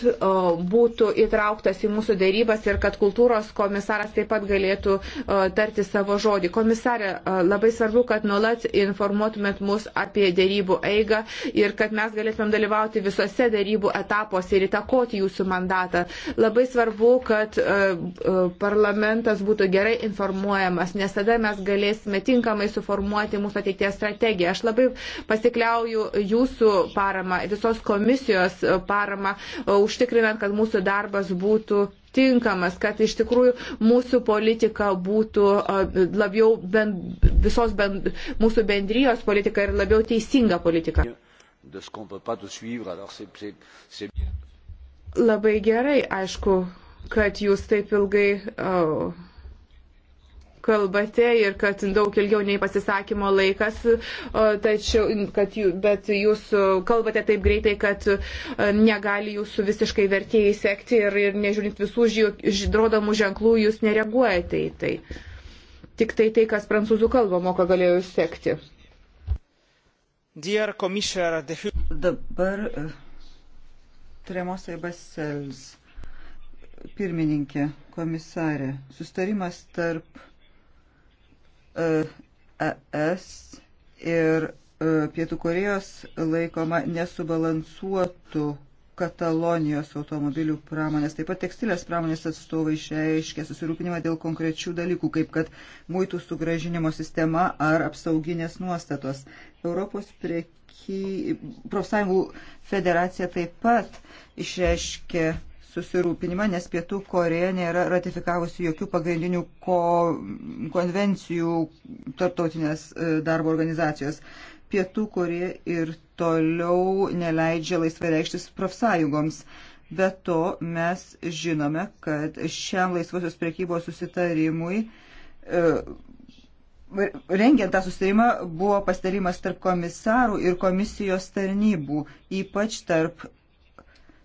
Speaker 3: būtų įtrauktas į mūsų dėrybas ir kad kultūros komisaras taip pat galėtų tarti savo žodį. Komisarė, labai svarbu, kad nuolat informuotumėt mus apie dėrybų eigą ir kad mes galėtumėm dalyvauti visose dėrybų etapuose ir įtakoti jūsų mandatą. Labai svarbu, kad parlamentas būtų gerai informuojamas, nes tada mes galėsime tinkamai suformuoti mūsų ateities strategiją. Aš labai pasikliauju jūsų parama visos komisijos komisijos e, paramą, e, užtikrinant, kad mūsų darbas būtų tinkamas, kad iš tikrųjų mūsų politika būtų e, labiau ben, visos ben, mūsų bendrijos politika ir labiau teisinga politika. Labai gerai, aišku, kad jūs taip ilgai. Oh, kalbate ir kad daug ilgiau nei pasisakymo laikas, tačiau, kad jų, bet jūs kalbate taip greitai, kad e, negali jūsų visiškai vertėjai sekti ir, ir nežiūrint visų žydrodomų ženklų, jūs nereaguojate į tai. Tik tai tai, kas prancūzų kalbą moka, galėjo jūs sekti.
Speaker 2: Dabar e, Tremosai Basels, pirmininkė, komisarė, sustarimas tarp ES e ir e, Pietų Korejos laikoma nesubalansuotų Katalonijos automobilių pramonės. Taip pat tekstilės pramonės atstovai išreiškė susirūpinimą dėl konkrečių dalykų, kaip kad muitų sugražinimo sistema ar apsauginės nuostatos. Europos prieky... profsąjungų federacija taip pat išreiškė susirūpinimą, nes Pietų Koreja nėra ratifikavusi jokių pagrindinių ko, konvencijų tarptautinės e, darbo organizacijos. Pietų Koreja ir toliau neleidžia laisvai reikštis profsąjungoms. Be to mes žinome, kad šiam laisvosios priekybos susitarimui e, rengiant tą susitarimą buvo pastarimas tarp komisarų ir komisijos tarnybų, ypač tarp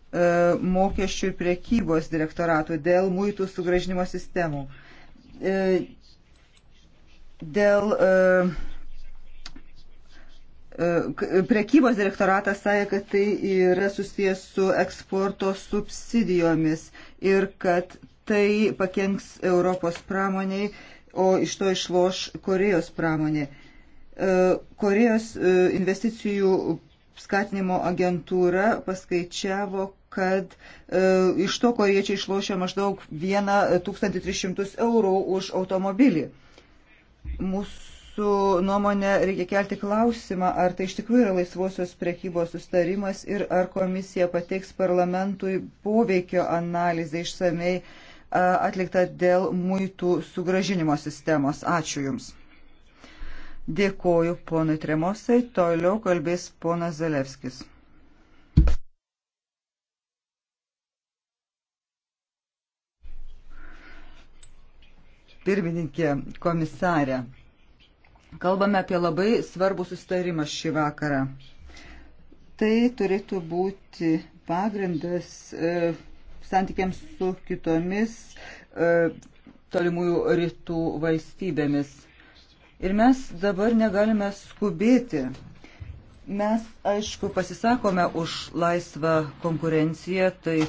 Speaker 2: E, mokesčių ir priekybos direktoratų dėl muitų sugražinimo sistemų. E, dėl e, Prekybos direktoratas sąja, kad tai yra susijęs su eksporto subsidijomis ir kad tai pakenks Europos pramoniai, o iš to išloš Korejos pramonė. Korejos investicijų skatinimo agentūra paskaičiavo, kad e, iš to koriečiai išlošia maždaug 1300 eurų už automobilį. Mūsų nuomonė reikia kelti klausimą, ar tai iš tikrųjų yra laisvosios prekybos sustarimas ir ar komisija pateiks parlamentui poveikio analizę išsamei e, atliktą dėl muitų sugražinimo sistemos. Ačiū Jums. Dėkoju ponui Tremosai. Toliau kalbės ponas Zalevskis. pirmininkė, komisarė. Kalbame apie labai svarbų sustarimą šį vakarą. Tai turėtų būti pagrindas e, santykiams su kitomis e, tolimųjų rytų valstybėmis. Ir mes dabar negalime skubėti. Mes, aišku, pasisakome už laisvą konkurenciją, tai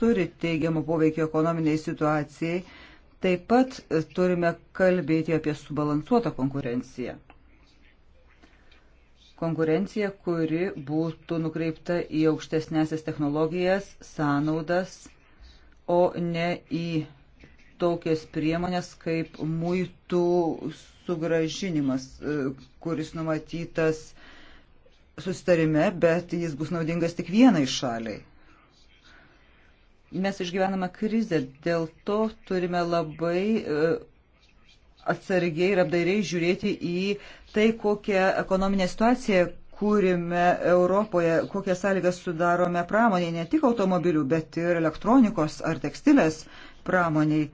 Speaker 2: turi teigiamą poveikį ekonominiai situacijai Taip pat e, turime kalbėti apie subalansuotą konkurenciją. Konkurencija, kuri būtų nukreipta į aukštesnėsias technologijas, sąnaudas, o ne į tokias priemonės kaip muitų sugražinimas, e, kuris numatytas susitarime, bet jis bus naudingas tik vienai šaliai. Mes išgyvename krizę, dėl to turime labai e, atsargiai ir apdairiai žiūrėti į tai, kokią ekonominę situaciją kūrime Europoje, kokias sąlygas sudarome pramoniai, ne tik automobilių, bet ir elektronikos ar tekstilės pramoniai.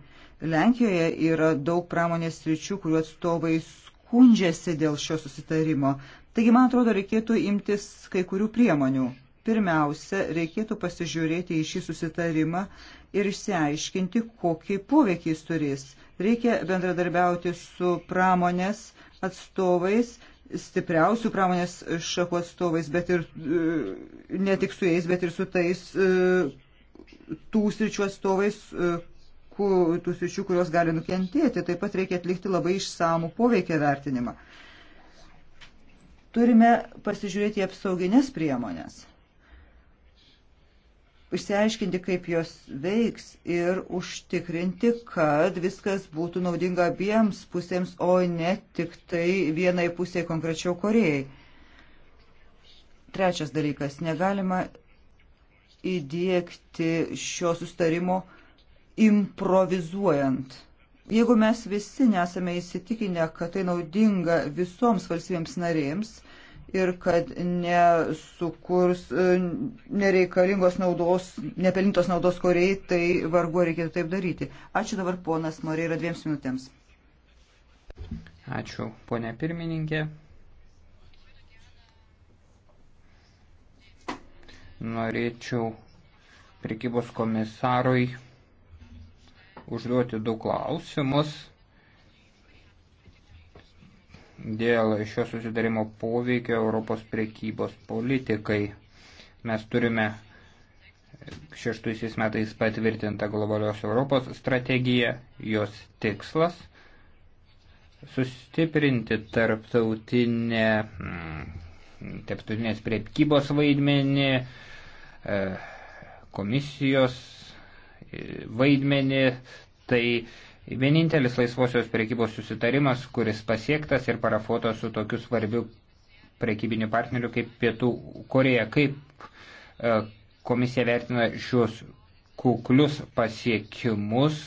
Speaker 2: Lenkijoje yra daug pramonės ryčių, kurių atstovai skundžiasi dėl šio susitarimo. Taigi, man atrodo, reikėtų imtis kai kurių priemonių. Pirmiausia, reikėtų pasižiūrėti į šį susitarimą ir išsiaiškinti, kokį poveikį jis turės. Reikia bendradarbiauti su pramonės atstovais, stipriausių pramonės šakų atstovais, bet ir e, ne tik su jais, bet ir su tais e, tų sričių atstovais, e, tų sričių, kurios gali nukentėti. Taip pat reikia atlikti labai išsamų poveikio vertinimą. Turime pasižiūrėti apsauginės priemonės išsiaiškinti, kaip jos veiks ir užtikrinti, kad viskas būtų naudinga abiems pusėms, o ne tik tai vienai pusėje konkrečiau Korejai. Trečias dalykas, negalima įdėkti šio sustarimo improvizuojant. Jeigu mes visi nesame įsitikinę, kad tai naudinga visoms valstybėms narėms, ir kad nesukurs e, nereikalingos naudos, nepelintos naudos Korejai, tai vargu reikėtų taip daryti. Ačiū dabar ponas
Speaker 1: Moreira dviems minutėms. Ačiū, ponė pirmininkė. Norėčiau prekybos komisarui užduoti daug klausimus dėl šio susidarimo poveikio Europos prekybos politikai. Mes turime šeštaisiais metais patvirtintą globalios Europos strategiją, jos tikslas sustiprinti tarptautinę, mm, tarptautinės priekybos vaidmenį, e, komisijos e, vaidmenį, tai Vienintelis laisvosios prekybos susitarimas, kuris pasiektas ir parafotas su tokiu svarbiu prekybiniu partneriu kaip Pietų Koreja. Kaip e, komisija vertina šios kuklius pasiekimus,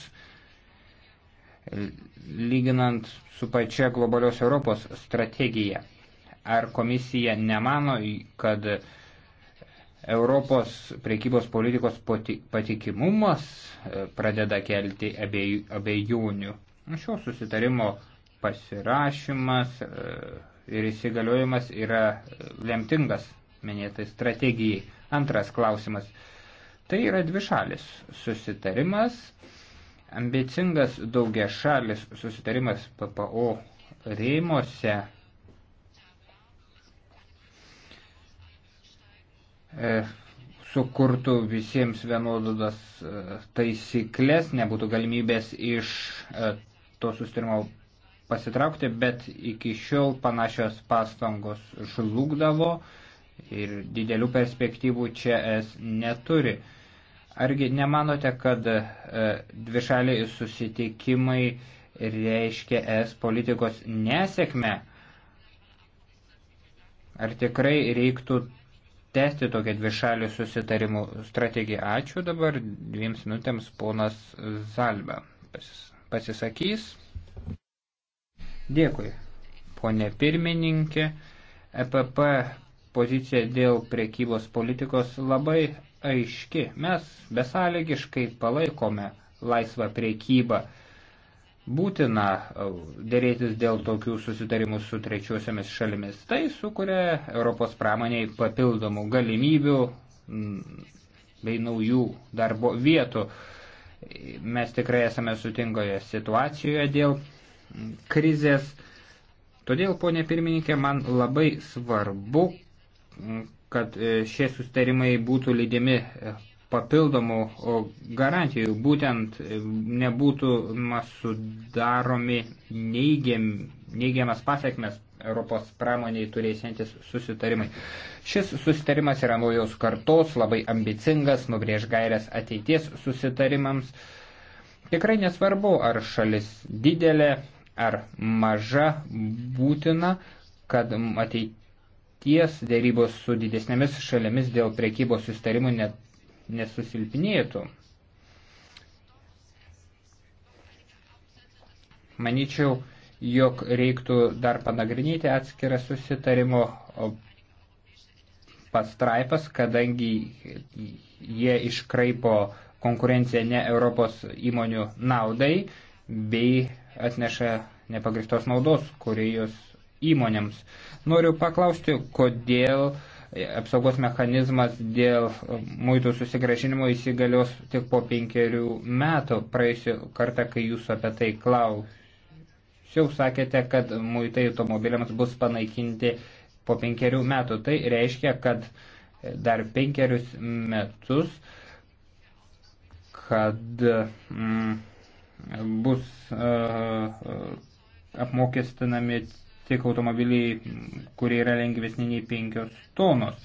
Speaker 1: lyginant su pačia globalios Europos strategija? Ar komisija nemano, kad uh, Europos priekybos politikos patikimumas e, pradeda kelti abejonių. Nu, šio susitarimo pasirašymas e, ir įsigaliojimas yra e, lemtingas minėtai strategijai. Antras klausimas. Tai yra dvišalis susitarimas, ambicingas daugia šalis susitarimas PPO rėmose E, sukurtų visiems vienodas e, taisyklės, nebūtų galimybės iš e, to sustarimo pasitraukti, bet iki šiol panašios pastangos žlugdavo ir didelių perspektyvų čia es neturi. Argi nemanote, kad dvišaliai susitikimai reiškia es politikos nesėkmę? Ar tikrai reiktų tęsti tokią dvišalių susitarimų strategiją. Ačiū dabar dviems minutėms ponas Zalba pasisakys. Dėkui, ponė pirmininkė. EPP pozicija dėl priekybos politikos labai aiški. Mes besąlygiškai palaikome laisvą priekybą būtina e, dėrėtis dėl tokių susitarimų su trečiosiamis šalimis. Tai sukuria Europos pramoniai papildomų galimybių mm, bei naujų darbo vietų. Mes tikrai esame sutingoje situacijoje dėl mm, krizės. Todėl, ponė pirmininkė, man labai svarbu, mm, kad e, šie sustarimai būtų lydimi e, papildomų garantijų, būtent e, nebūtų sudaromi neigiam, neigiamas pasiekmes Europos pramoniai turėsiantis susitarimai. Šis susitarimas yra naujos kartos, labai ambicingas, nubrėž gairias ateities susitarimams. Tikrai nesvarbu, ar šalis didelė, ar maža, būtina, kad ateities dėrybos su didesnėmis šalimis dėl priekybos susitarimų net nesusilpnėtų. Maničiau, jog reiktų dar panagrinėti atskirą susitarimo pastraipas, kadangi jie iškraipo konkurenciją ne Europos įmonių naudai bei atneša nepagristos naudos, kurie jos įmonėms. Noriu paklausti, kodėl uh, apsaugos mechanizmas dėl muitų susigražinimo įsigalios tik po penkerių metų. Praėjusiu kartą, kai jūs apie tai klausiau, sakėte, kad muitai automobiliams bus panaikinti po penkerių metų. Tai reiškia, kad dar penkerius metus, kad mm, bus uh, uh apmokestinami tik automobiliai, kurie yra lengvesni nei 5 tonos.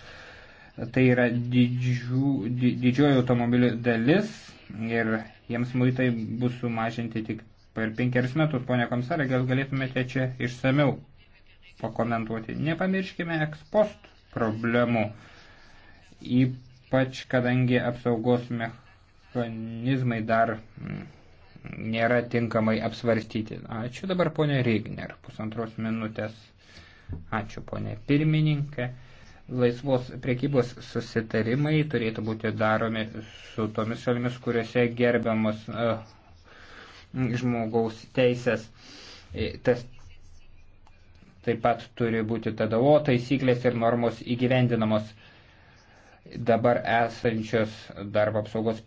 Speaker 1: Tai yra didžiu, di, didžioji automobilių dalis ir jiems muitai bus sumažinti tik per penkerius metus. Pone komisarė, gal galėtumėte čia išsameu pakomentuoti. Nepamirškime ekspost problemų, ypač kadangi apsaugos mechanizmai dar nėra tinkamai apsvarstyti. Ačiū dabar ponė Regner, pusantros minutės. Ačiū ponė pirmininkė. Laisvos priekybos susitarimai turėtų būti daromi su tomis šalimis, kuriuose gerbiamos uh, žmogaus teisės. E, tas taip pat turi būti TDO taisyklės ir normos įgyvendinamos dabar esančios darbo apsaugos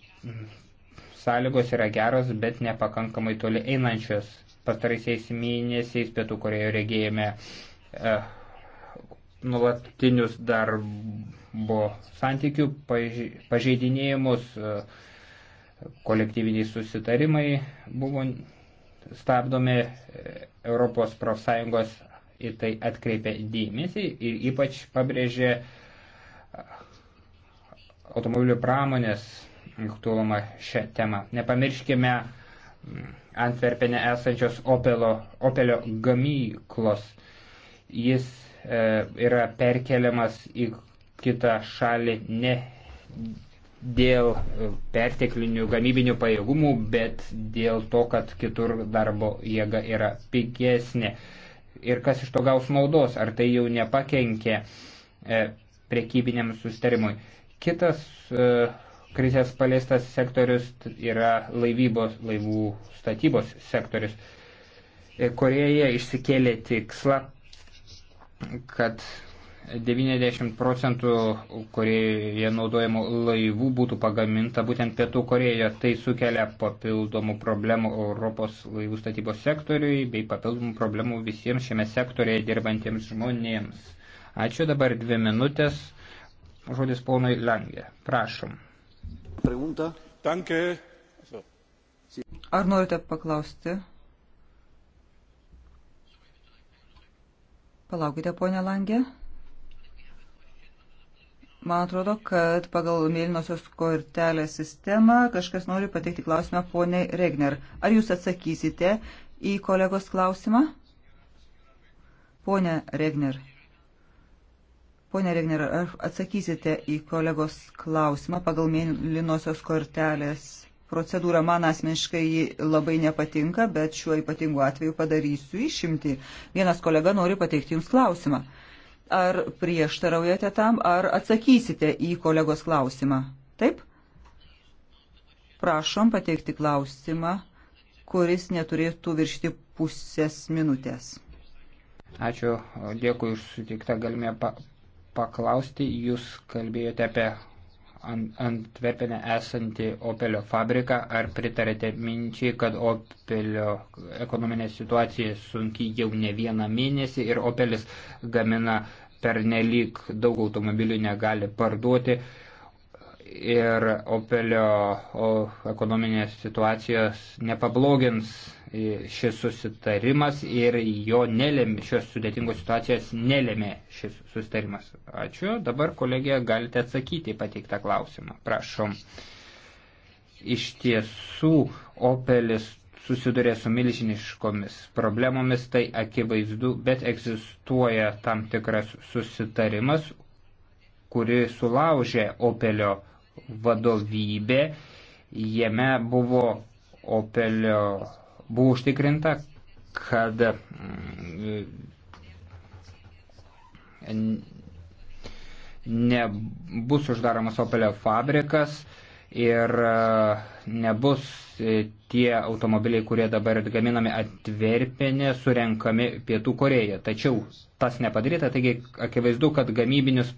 Speaker 1: sąlygos yra geros, bet nepakankamai toli einančios. Pastaraisiais mėnesiais Pietų Korejoje regėjome uh, e, nulatinius darbo santykių pažeidinėjimus, e, kolektyviniai susitarimai buvo stabdomi e, Europos profsąjungos į tai atkreipė dėmesį ir ypač pabrėžė automobilių pramonės aktualumą šią temą. Nepamirškime mm, Antverpene esančios Opelo, Opelio gamyklos. Jis e, yra perkeliamas į kitą šalį ne dėl e, perteklinių gamybinių pajėgumų, bet dėl to, kad kitur darbo jėga yra pigesnė. Ir kas iš to gaus naudos, ar tai jau nepakenkė e, prekybiniam sustarimui. Kitas e, krizės paliestas sektorius yra laivybos, laivų statybos sektorius. E, Koreja išsikėlė tikslą, kad 90 procentų Korejoje naudojamų laivų būtų pagaminta būtent Pietų Korejoje. Tai sukelia papildomų problemų Europos laivų statybos sektoriui bei papildomų problemų visiems šiame sektorėje dirbantiems žmonėms. Ačiū dabar dvi minutės. Žodis ponui Langė. Prašom. Ar norite paklausti?
Speaker 2: Palaukite, ponė Langė. Man atrodo, kad pagal mėlynosios kortelės sistemą kažkas nori pateikti klausimą poniai Regner. Ar jūs atsakysite į kolegos klausimą? Pone Regner. Pone Regner, ar atsakysite į kolegos klausimą pagal mėlynosios kortelės procedūrą? Man asmeniškai ji labai nepatinka, bet šiuo ypatingu atveju padarysiu išimti. Vienas kolega nori pateikti Jums klausimą. Ar prieštaraujate tam, ar atsakysite į kolegos klausimą? Taip? Prašom pateikti klausimą, kuris neturėtų
Speaker 1: viršti pusės minutės. Ačiū, dėkui už sutiktą galimybę paklausti, jūs kalbėjote apie Antverpenė esanti Opelio fabriką, ar pritarėte minčiai, kad Opelio ekonominė situacija sunki jau ne vieną mėnesį ir Opelis gamina per nelik daug automobilių negali parduoti ir Opelio ekonominės situacijos nepablogins šis susitarimas ir jo nelėmė, šios sudėtingos situacijos nelėmė šis susitarimas. Ačiū. Dabar kolegija galite atsakyti į pateiktą klausimą. Prašom. Iš tiesų, Opelis susiduria su milžiniškomis problemomis, tai akivaizdu, bet egzistuoja tam tikras susitarimas, kuri sulaužė Opelio vadovybė, jame buvo Opelio, buvo užtikrinta, kad mm, nebus uždaromas Opelio fabrikas ir nebus e, tie automobiliai, kurie dabar gaminami atverpinė, surenkami Pietų Koreje. Tačiau tas nepadaryta, taigi akivaizdu, kad gamybinius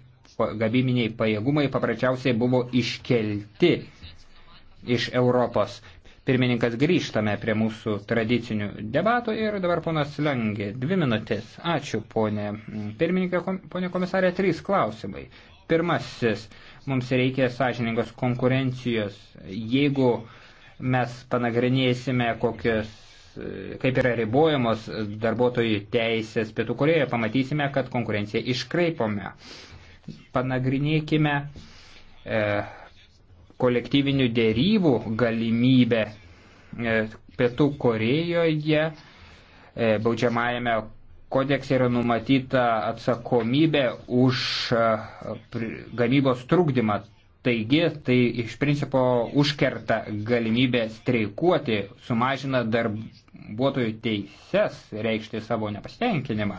Speaker 1: gamybiniai pajėgumai paprasčiausiai buvo iškelti iš Europos. Pirmininkas grįžtame prie mūsų tradicinių debatų ir dabar ponas Lengė, dvi minutės. Ačiū, ponė pirmininkė, ponė komisarė, trys klausimai. Pirmasis, mums reikia sąžiningos konkurencijos. Jeigu mes panagrinėsime, kokios, kaip yra ribojamos darbuotojų teisės Pietų Korėjoje, pamatysime, kad konkurenciją iškraipome. Panagrinėkime e, kolektyvinių dėrybų galimybę e, Pietų Korejoje. E, baudžiamajame kodekse yra numatyta atsakomybė už e, gamybos trukdymą. Taigi tai iš principo užkerta galimybę streikuoti, sumažina darbuotojų teises reikšti savo nepasitenkinimą.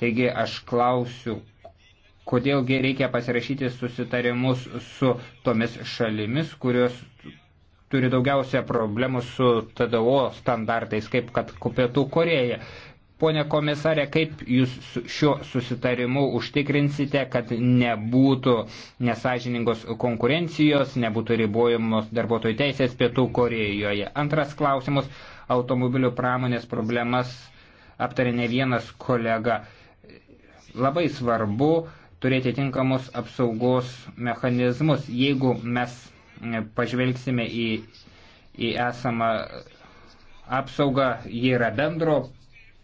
Speaker 1: Taigi aš klausiu kodėlgi reikia pasirašyti susitarimus su tomis šalimis, kurios turi daugiausia problemų su TDO standartais, kaip kad Pietų Koreja. Pone komisarė, kaip jūs šiuo susitarimu užtikrinsite, kad nebūtų nesažiningos konkurencijos, nebūtų ribojamos darbuotojų teisės Pietų Korejoje? Antras klausimas - automobilių pramonės problemas aptarė ne vienas kolega. Labai svarbu turėti tinkamus apsaugos mechanizmus. Jeigu mes e, pažvelgsime į, į esamą apsaugą, ji yra bendro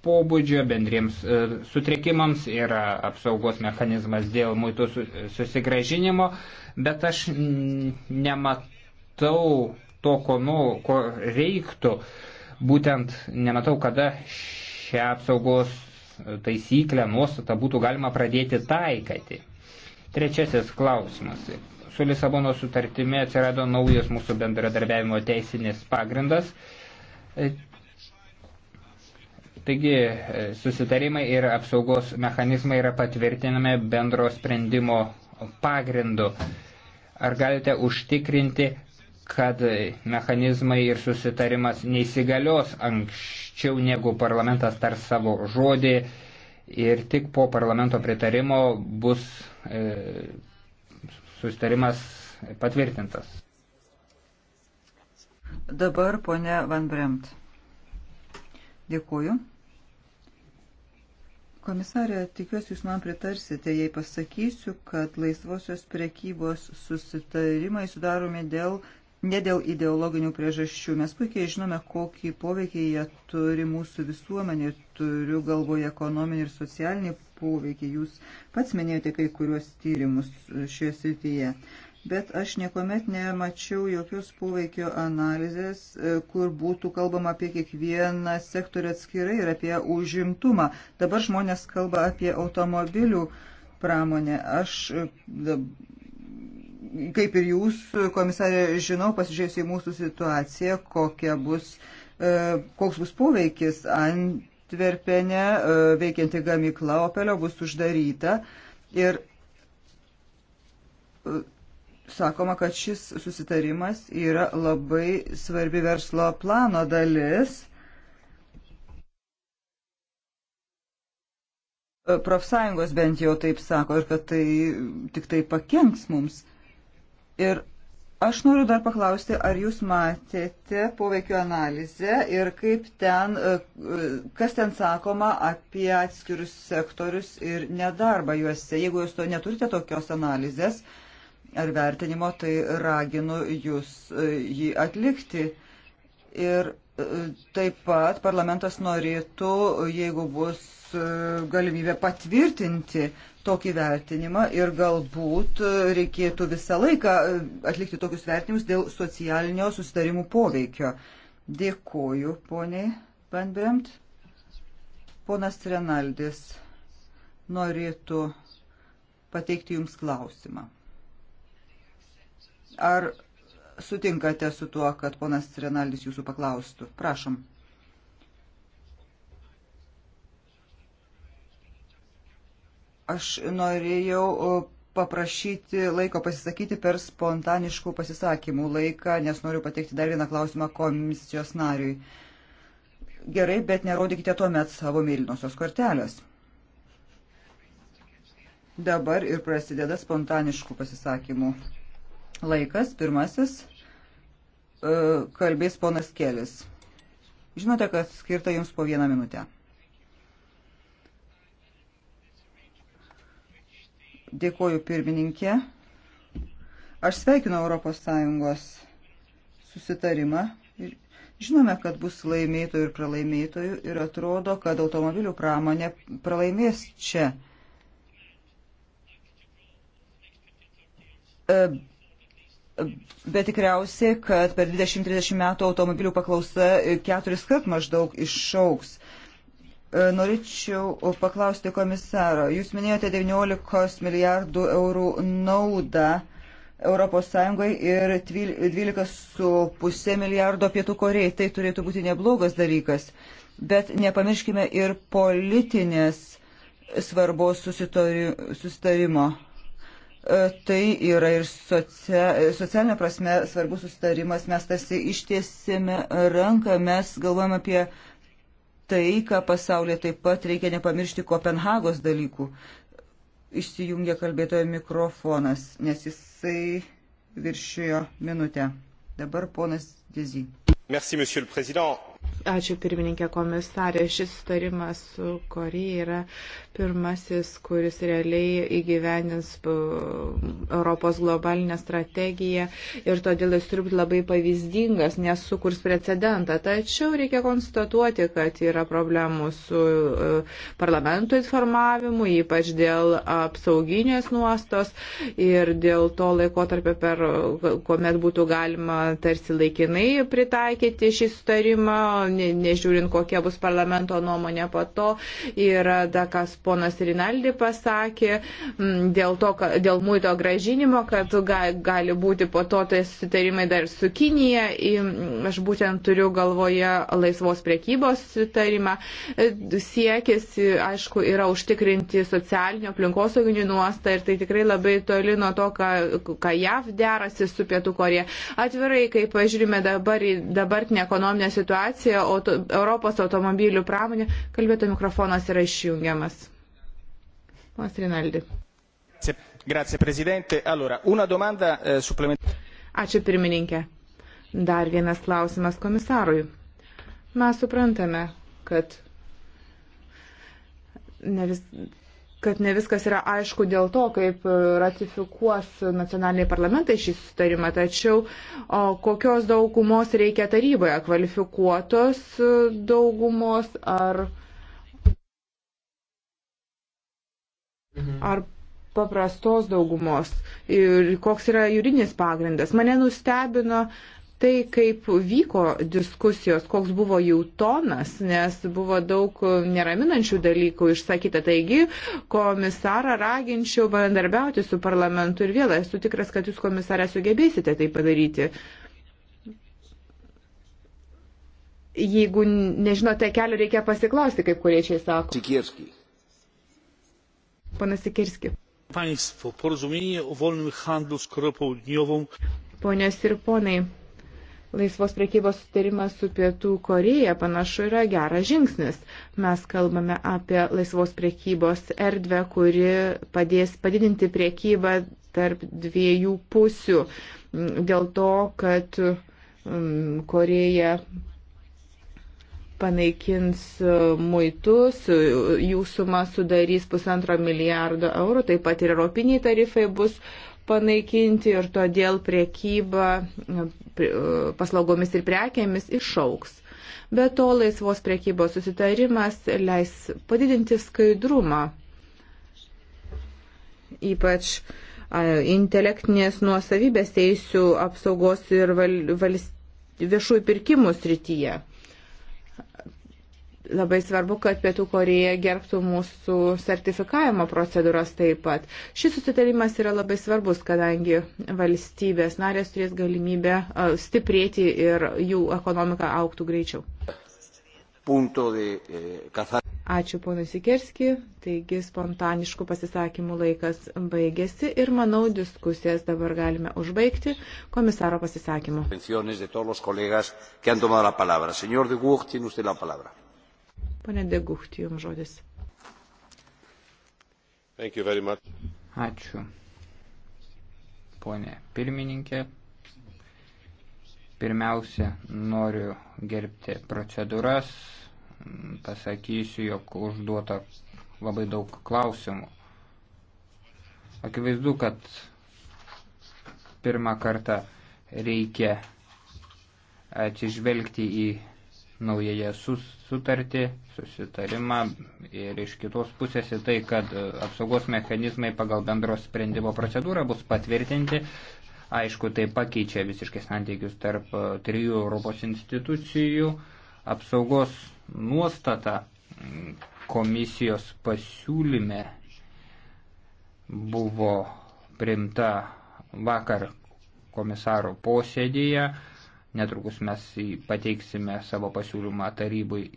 Speaker 1: pobūdžio, bendriems e, sutrikimams yra apsaugos mechanizmas dėl muitų susigražinimo, bet aš nematau to, ko, nu, ko reiktų. Būtent nematau, kada šią apsaugos taisyklę, nuostatą būtų galima pradėti taikyti. Trečiasis klausimas. Su Lisabono sutartimi atsirado naujas mūsų bendradarbiavimo teisinis pagrindas. Taigi susitarimai ir apsaugos mechanizmai yra patvirtinami bendro sprendimo pagrindu. Ar galite užtikrinti, kad mechanizmai ir susitarimas neįsigalios anksčiau negu parlamentas tar savo žodį ir tik po parlamento pritarimo bus e, susitarimas patvirtintas.
Speaker 2: Dabar ponia Van Bremt. Dėkuoju. Komisarė, tikiuosi jūs man pritarsite, jei pasakysiu, kad laisvosios prekybos susitarimai sudaromi dėl ne dėl ideologinių priežasčių. Mes puikiai žinome, kokį poveikį jie turi mūsų visuomenė, turiu galvoje ekonominį ir socialinį poveikį. Jūs pats minėjote kai kuriuos tyrimus šioje srityje. Bet aš niekuomet nemačiau jokios poveikio analizės, e, kur būtų kalbama apie kiekvieną sektorių atskirai ir apie užimtumą. Dabar žmonės kalba apie automobilių pramonę. Aš e, kaip ir jūs, komisarė, žinau, pasižiūrėsiu į mūsų situaciją, kokia bus, e, koks bus poveikis Antverpene e, veikianti gamykla Opelio bus uždaryta. Ir e, sakoma, kad šis susitarimas yra labai svarbi verslo plano dalis. Profsąjungos bent jau taip sako ir kad tai tik tai pakenks mums. Ir aš noriu dar paklausti, ar jūs matėte poveikio analizę ir kaip ten, e, kas ten sakoma apie atskirius sektorius ir nedarbą juose. Jeigu jūs to neturite tokios analizės ar vertinimo, tai raginu jūs e, jį atlikti. Ir e, taip pat parlamentas norėtų, jeigu bus galimybė patvirtinti tokį vertinimą ir galbūt reikėtų visą laiką e, atlikti tokius vertinimus dėl socialinio susitarimų poveikio. Dėkuoju, poniai Vanbremt. Ponas Renaldis norėtų pateikti Jums klausimą. Ar sutinkate su tuo, kad ponas Renaldis Jūsų paklaustų? Prašom. Aš norėjau paprašyti laiko pasisakyti per spontaniškų pasisakymų laiką, nes noriu pateikti dar vieną klausimą komisijos nariui. Gerai, bet nerodykite tuomet savo mėlynosios kortelės. Dabar ir prasideda spontaniškų pasisakymų laikas. Pirmasis e, kalbės ponas Kelis. Žinote, kad skirta jums po vieną minutę. Dėkoju pirmininkė. Aš sveikinu ES susitarimą. Žinome, kad bus laimėtojų ir pralaimėtojų ir atrodo, kad automobilių pramonė pralaimės čia. E, Bet tikriausiai, kad per 20-30 metų automobilių paklausa keturis kart maždaug išauks. Iš Norėčiau paklausti komisaro. Jūs minėjote 19 milijardų eurų naudą ES ir 12,5 milijardo pietų Korejai. Tai turėtų būti neblogas dalykas. Bet nepamirškime ir politinės svarbos susitarimo. E, tai yra ir socialinė prasme svarbus susitarimas. Mes tarsi ištiesėme ranką, mes galvojame apie taiką pasaulyje, taip pat reikia nepamiršti Kopenhagos dalykų.
Speaker 1: Išsijungia
Speaker 2: kalbėtojo mikrofonas, nes jisai viršijo minutę. Dabar ponas Dizzy.
Speaker 1: Merci, monsieur le président.
Speaker 3: Ačiū pirmininkė komisarė. Šis sutarimas su Koreja yra pirmasis, kuris realiai įgyvenins e, Europos globalinę strategiją ir todėl jis turi būti labai pavyzdingas, nes sukurs precedentą. Tačiau reikia konstatuoti, kad yra problemų su e, parlamento informavimu, ypač dėl apsauginės nuostos ir dėl to laikotarpio, per kuomet būtų galima tarsi laikinai pritaikyti šį sutarimą ne, nežiūrint, kokia bus parlamento nuomonė po to. Ir da, kas ponas Rinaldi pasakė mm, dėl, to, ka, dėl muito gražinimo, kad ga, gali būti po to tai sutarimai dar su Kinija. Ir mm, aš būtent turiu galvoje laisvos priekybos sutarimą. E, siekis, aišku, yra užtikrinti socialinio aplinkosauginių nuostą ir tai tikrai labai toli nuo to, ką, ką JAV derasi su Pietų Korėja. Atvirai, kai pažiūrime dabar į dabartinę ekonominę situaciją, auto, Europos automobilių pramonė. Kalbėto mikrofonas yra išjungiamas. Ponas Rinaldi.
Speaker 1: Grazie, prezidente. Allora, una domanda eh, supplementare.
Speaker 3: Ačiū pirmininkė. Dar vienas klausimas komisarui. Mes suprantame, kad ne vis, kad ne viskas yra aišku dėl to, kaip ratifikuos nacionaliniai parlamentai šį sustarimą, tačiau o, kokios daugumos reikia taryboje, kvalifikuotos daugumos ar, mhm. ar paprastos daugumos ir koks yra juridinis pagrindas. Mane nustebino tai, kaip vyko diskusijos, koks buvo jų tonas, nes buvo daug neraminančių dalykų išsakyta. Taigi, komisarą raginčiau bendarbiauti su parlamentu ir vėl esu tikras, kad jūs komisarė sugebėsite tai padaryti. Jeigu nežinote kelių, reikia pasiklausti, kaip kuriečiai sako. Sikirski. Pana Sikirski.
Speaker 1: Państwo, porozumienie o wolnym handlu z Korą Południową.
Speaker 3: Ponios ir ponai, laisvos priekybos sutarimas su Pietų Koreja panašu yra geras žingsnis. Mes kalbame apie laisvos priekybos erdvę, kuri padės padidinti priekybą tarp dviejų pusių dėl to, kad um, Koreja panaikins muitus, jų suma sudarys pusantro milijardo eurų, taip pat ir europiniai tarifai bus uh, panaikinti ir todėl priekyba paslaugomis ir prekėmis išauks. Be to laisvos priekybos susitarimas leis padidinti skaidrumą, ypač intelektinės nuosavybės teisų apsaugos ir val, val, viešųjų pirkimų srityje. Labai svarbu, kad Pietų Koreja gerbtų mūsų sertifikavimo procedūros taip pat. Šis susitarimas yra labai svarbus, kadangi valstybės narės turės galimybę stiprėti ir jų ekonomika auktų greičiau.
Speaker 1: Eh,
Speaker 3: Ačiū ponui Sikerski, taigi spontaniškų pasisakymų laikas baigėsi ir manau diskusijas dabar galime užbaigti komisaro pasisakymu. Pane Degukti, jums žodis.
Speaker 1: Ačiū. Pone pirmininkė, pirmiausia, noriu gerbti procedūras, pasakysiu, jog užduota labai daug klausimų. Akivaizdu, kad pirmą kartą reikia atsižvelgti į naująją sutartį, susitarimą ir iš kitos pusės į tai, kad e, apsaugos mechanizmai pagal bendros sprendimo procedūrą bus patvirtinti. Aišku, tai pakeičia visiškai santykius tarp e, trijų Europos institucijų. Apsaugos nuostata mm, komisijos pasiūlyme buvo primta vakar komisaro posėdėje. Netrukus mes pateiksime savo pasiūlymą tarybui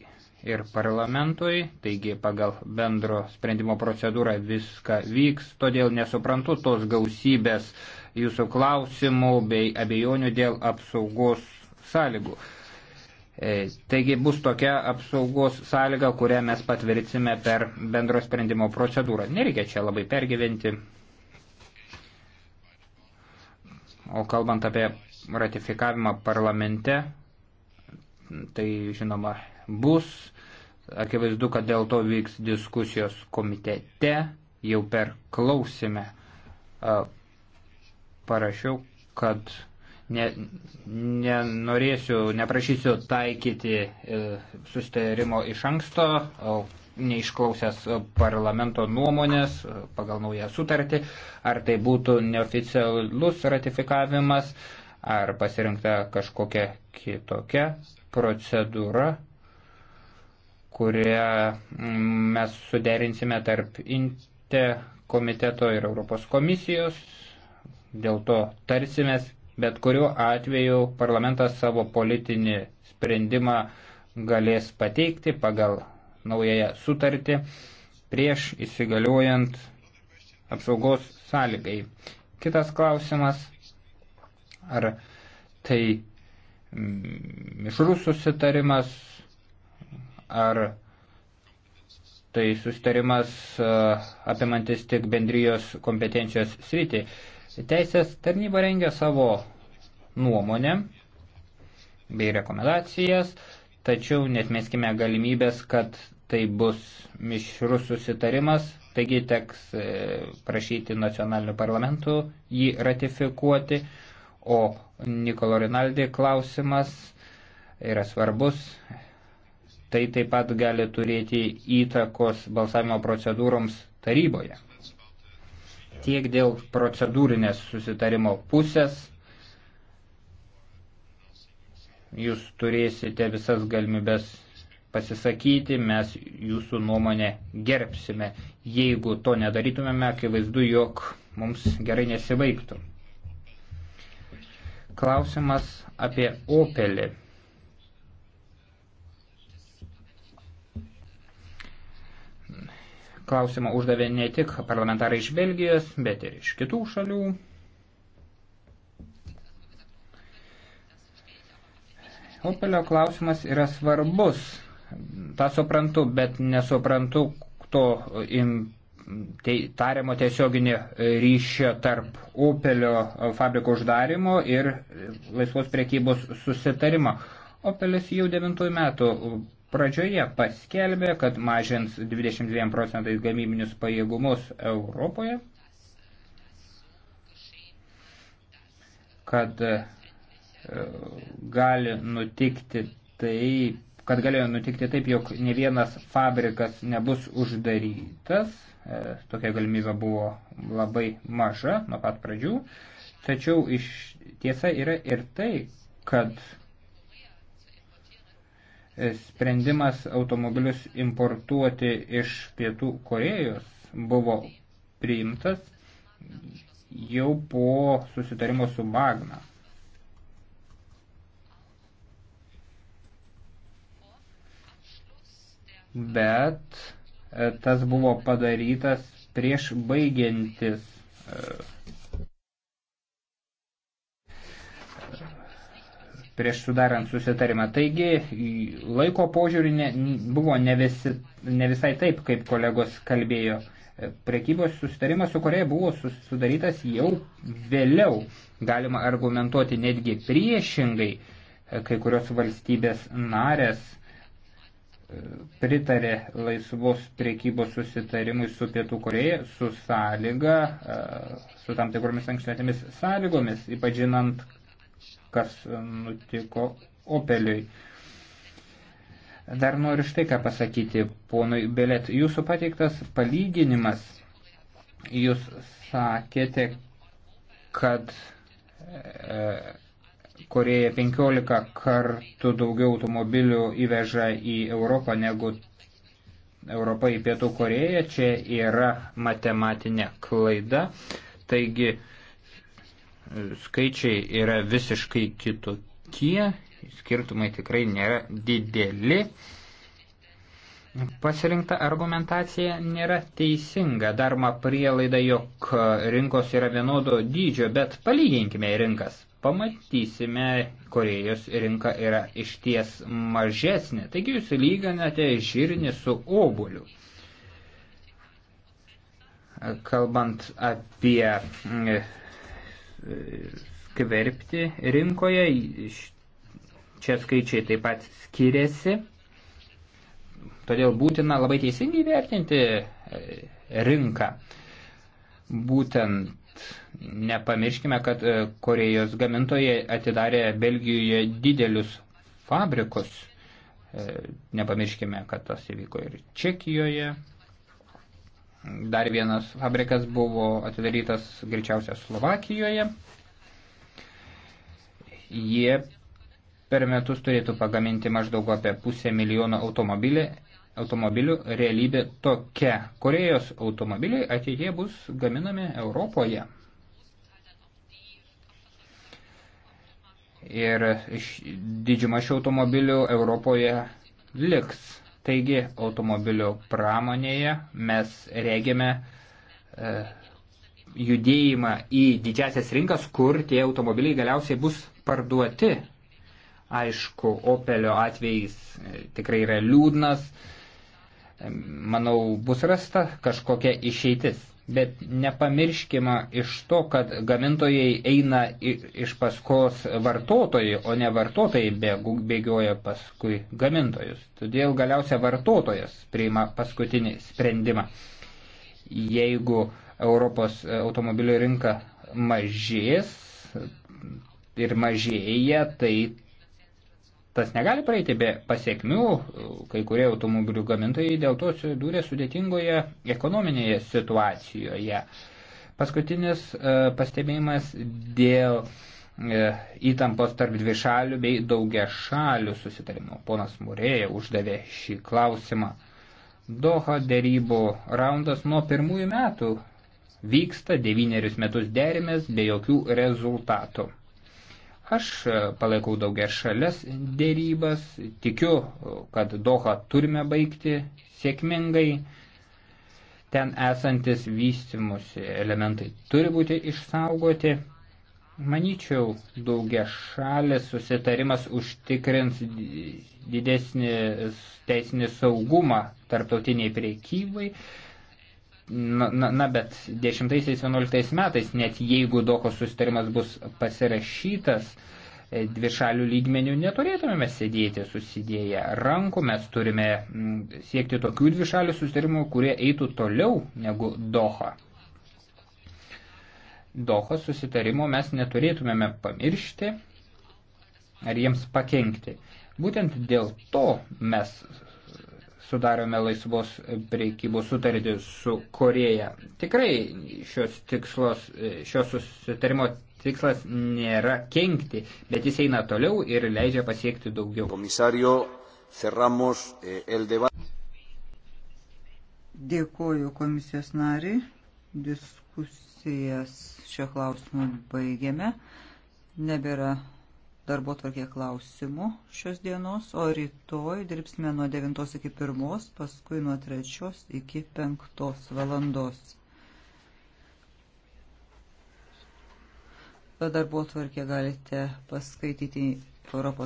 Speaker 1: ir parlamentui, taigi pagal bendro sprendimo procedūrą viską vyks, todėl nesuprantu tos gausybės jūsų klausimų bei abejonių dėl apsaugos sąlygų. E, taigi bus tokia apsaugos sąlyga, kurią mes patvirtsime per bendro sprendimo procedūrą. Nereikia čia labai pergyventi. O kalbant apie ratifikavimą parlamente. Tai žinoma bus. Akivaizdu, kad dėl to vyks diskusijos komitete. Jau per klausime parašiau, kad ne, nenorėsiu, neprašysiu taikyti e, susitarimo iš anksto, neišklausęs parlamento nuomonės e, pagal naują sutartį, ar tai būtų neoficialus ratifikavimas, ar pasirinkta kažkokia kitokia procedūra, kurią mm, mes suderinsime tarp INTE komiteto ir Europos komisijos, dėl to tarsimės, bet kuriuo atveju parlamentas savo politinį sprendimą galės pateikti pagal naująją sutartį prieš įsigaliuojant apsaugos sąlygai. Kitas klausimas ar tai mm, mišrus susitarimas, ar tai susitarimas e, apimantis tik bendrijos kompetencijos sritį. Teisės tarnyba rengia savo nuomonę bei rekomendacijas, tačiau netmeskime galimybės, kad tai bus mišrus susitarimas, taigi teks e, prašyti nacionalinių parlamentų jį ratifikuoti. O Nikolo Rinaldi klausimas yra svarbus. Tai taip pat gali turėti įtakos balsavimo procedūroms taryboje. Tiek dėl procedūrinės susitarimo pusės jūs turėsite visas galimybės pasisakyti, mes jūsų nuomonę gerbsime. Jeigu to nedarytumėme, akivaizdu, jog mums gerai nesivaiktų. Klausimas apie Opelį. Klausimą uždavė ne tik parlamentarai iš Belgijos, bet ir iš kitų šalių. Opelio klausimas yra svarbus. Ta suprantu, bet nesuprantu to im, te, tariamo tiesioginį e, ryšį tarp Opelio e, fabriko uždarimo ir e, laisvos priekybos susitarimo. Opelis jau devintųjų metų pradžioje paskelbė, kad mažins 22 procentais gamybinius pajėgumus Europoje, kad gali nutikti taip, kad galėjo nutikti taip, jog ne vienas fabrikas nebus uždarytas E, tokia galimybė buvo labai maža nuo pat pradžių, tačiau iš tiesa yra ir tai, kad sprendimas automobilius importuoti iš Pietų Korejos buvo priimtas jau po susitarimo su Magna. Bet tas buvo padarytas prieš baigiantis e, prieš sudarant susitarimą. Taigi laiko požiūrį ne, buvo ne, visi, ne visai taip, kaip kolegos kalbėjo. E, prekybos susitarimas su Koreja buvo sudarytas jau vėliau. Galima argumentuoti netgi priešingai, e, kai kurios valstybės narės pritarė laisvos priekybos susitarimui su Pietų Koreja su sąlyga, e, su tam tikromis ankstesnėmis sąlygomis, ypač žinant, kas nutiko Opeliui. Dar noriu štai ką pasakyti, ponui Belet, jūsų pateiktas palyginimas, jūs sakėte, kad e, Koreja 15 kartų daugiau automobilių įveža į Europą negu Europa į Pietų Koreją. Čia yra matematinė klaida. Taigi skaičiai yra visiškai kitokie, skirtumai tikrai nėra dideli. Pasirinkta argumentacija nėra teisinga, daroma prielaida, jog rinkos yra vienodo dydžio, bet palyginkime rinkas pamatysime, Korejos rinka yra išties mažesnė. Taigi jūs lyginate žirnį su obuliu. Kalbant apie mm, skverbti rinkoje, čia skaičiai taip pat skiriasi. Todėl būtina labai teisingai vertinti e, rinką. Būtent nepamirškime, kad e, Korejos gamintojai atidarė Belgijoje didelius fabrikus. E, nepamirškime, kad tas įvyko ir Čekijoje. Dar vienas fabrikas buvo atidarytas greičiausia Slovakijoje. Jie per metus turėtų pagaminti maždaug apie pusę milijono automobilį automobilių realybė tokia. Korejos automobiliai ateitie bus gaminami Europoje. Ir didžiuma šių automobilių Europoje liks. Taigi automobilių pramonėje mes regėme e, judėjimą į didžiasias rinkas, kur tie automobiliai galiausiai bus parduoti. Aišku, Opelio atvejais e, tikrai yra liūdnas, e, manau, bus rasta kažkokia išeitis. Bet nepamirškime iš to, kad gamintojai eina iš paskos vartotojai, o ne vartotojai bėgioja paskui gamintojus. Todėl galiausia vartotojas priima paskutinį sprendimą. Jeigu Europos automobilių rinka mažės ir mažėja, tai tas negali praeiti be pasiekmių, kai kurie automobilių gamintojai dėl to sudūrė sudėtingoje ekonominėje situacijoje. Paskutinis e, pastebėjimas dėl e, įtampos tarp dvišalių bei daugia šalių susitarimų. Ponas Murėja uždavė šį klausimą. Doha dėrybų raundas nuo pirmųjų metų vyksta devynerius metus derimės be jokių rezultatų. Aš e, palaikau daugia šalias dėrybas, tikiu, e, kad Doha turime baigti sėkmingai. Ten esantis vystimusi elementai turi būti išsaugoti. Manyčiau, daugia šalis susitarimas užtikrins didesnį teisinį saugumą tarptautiniai priekybai. Na, na, na bet 10-11 metais, net jeigu dokos sustarimas bus pasirašytas, e, dvišalių lygmenių neturėtumėme sėdėti susidėję rankų, mes turime siekti tokių dvišalių sustarimų, kurie eitų toliau negu Doha. Dohos susitarimo mes neturėtumėme pamiršti ar jiems pakengti. Būtent dėl to mes sudarome laisvos priekybos sutartį su Koreja. Tikrai šios, tikslos, šios susitarimo tikslas nėra kenkti, bet jis eina toliau ir leidžia pasiekti daugiau. Komisario, cerramos eh, el debate.
Speaker 2: Dėkoju komisijos nariai. Diskusijas šio klausimu baigiame. Nebėra darbo tvarkė klausimų šios dienos, o rytoj dirbsime nuo 9 iki 1, paskui nuo 3 iki 5 valandos. Darbo tvarkė galite paskaityti Europos.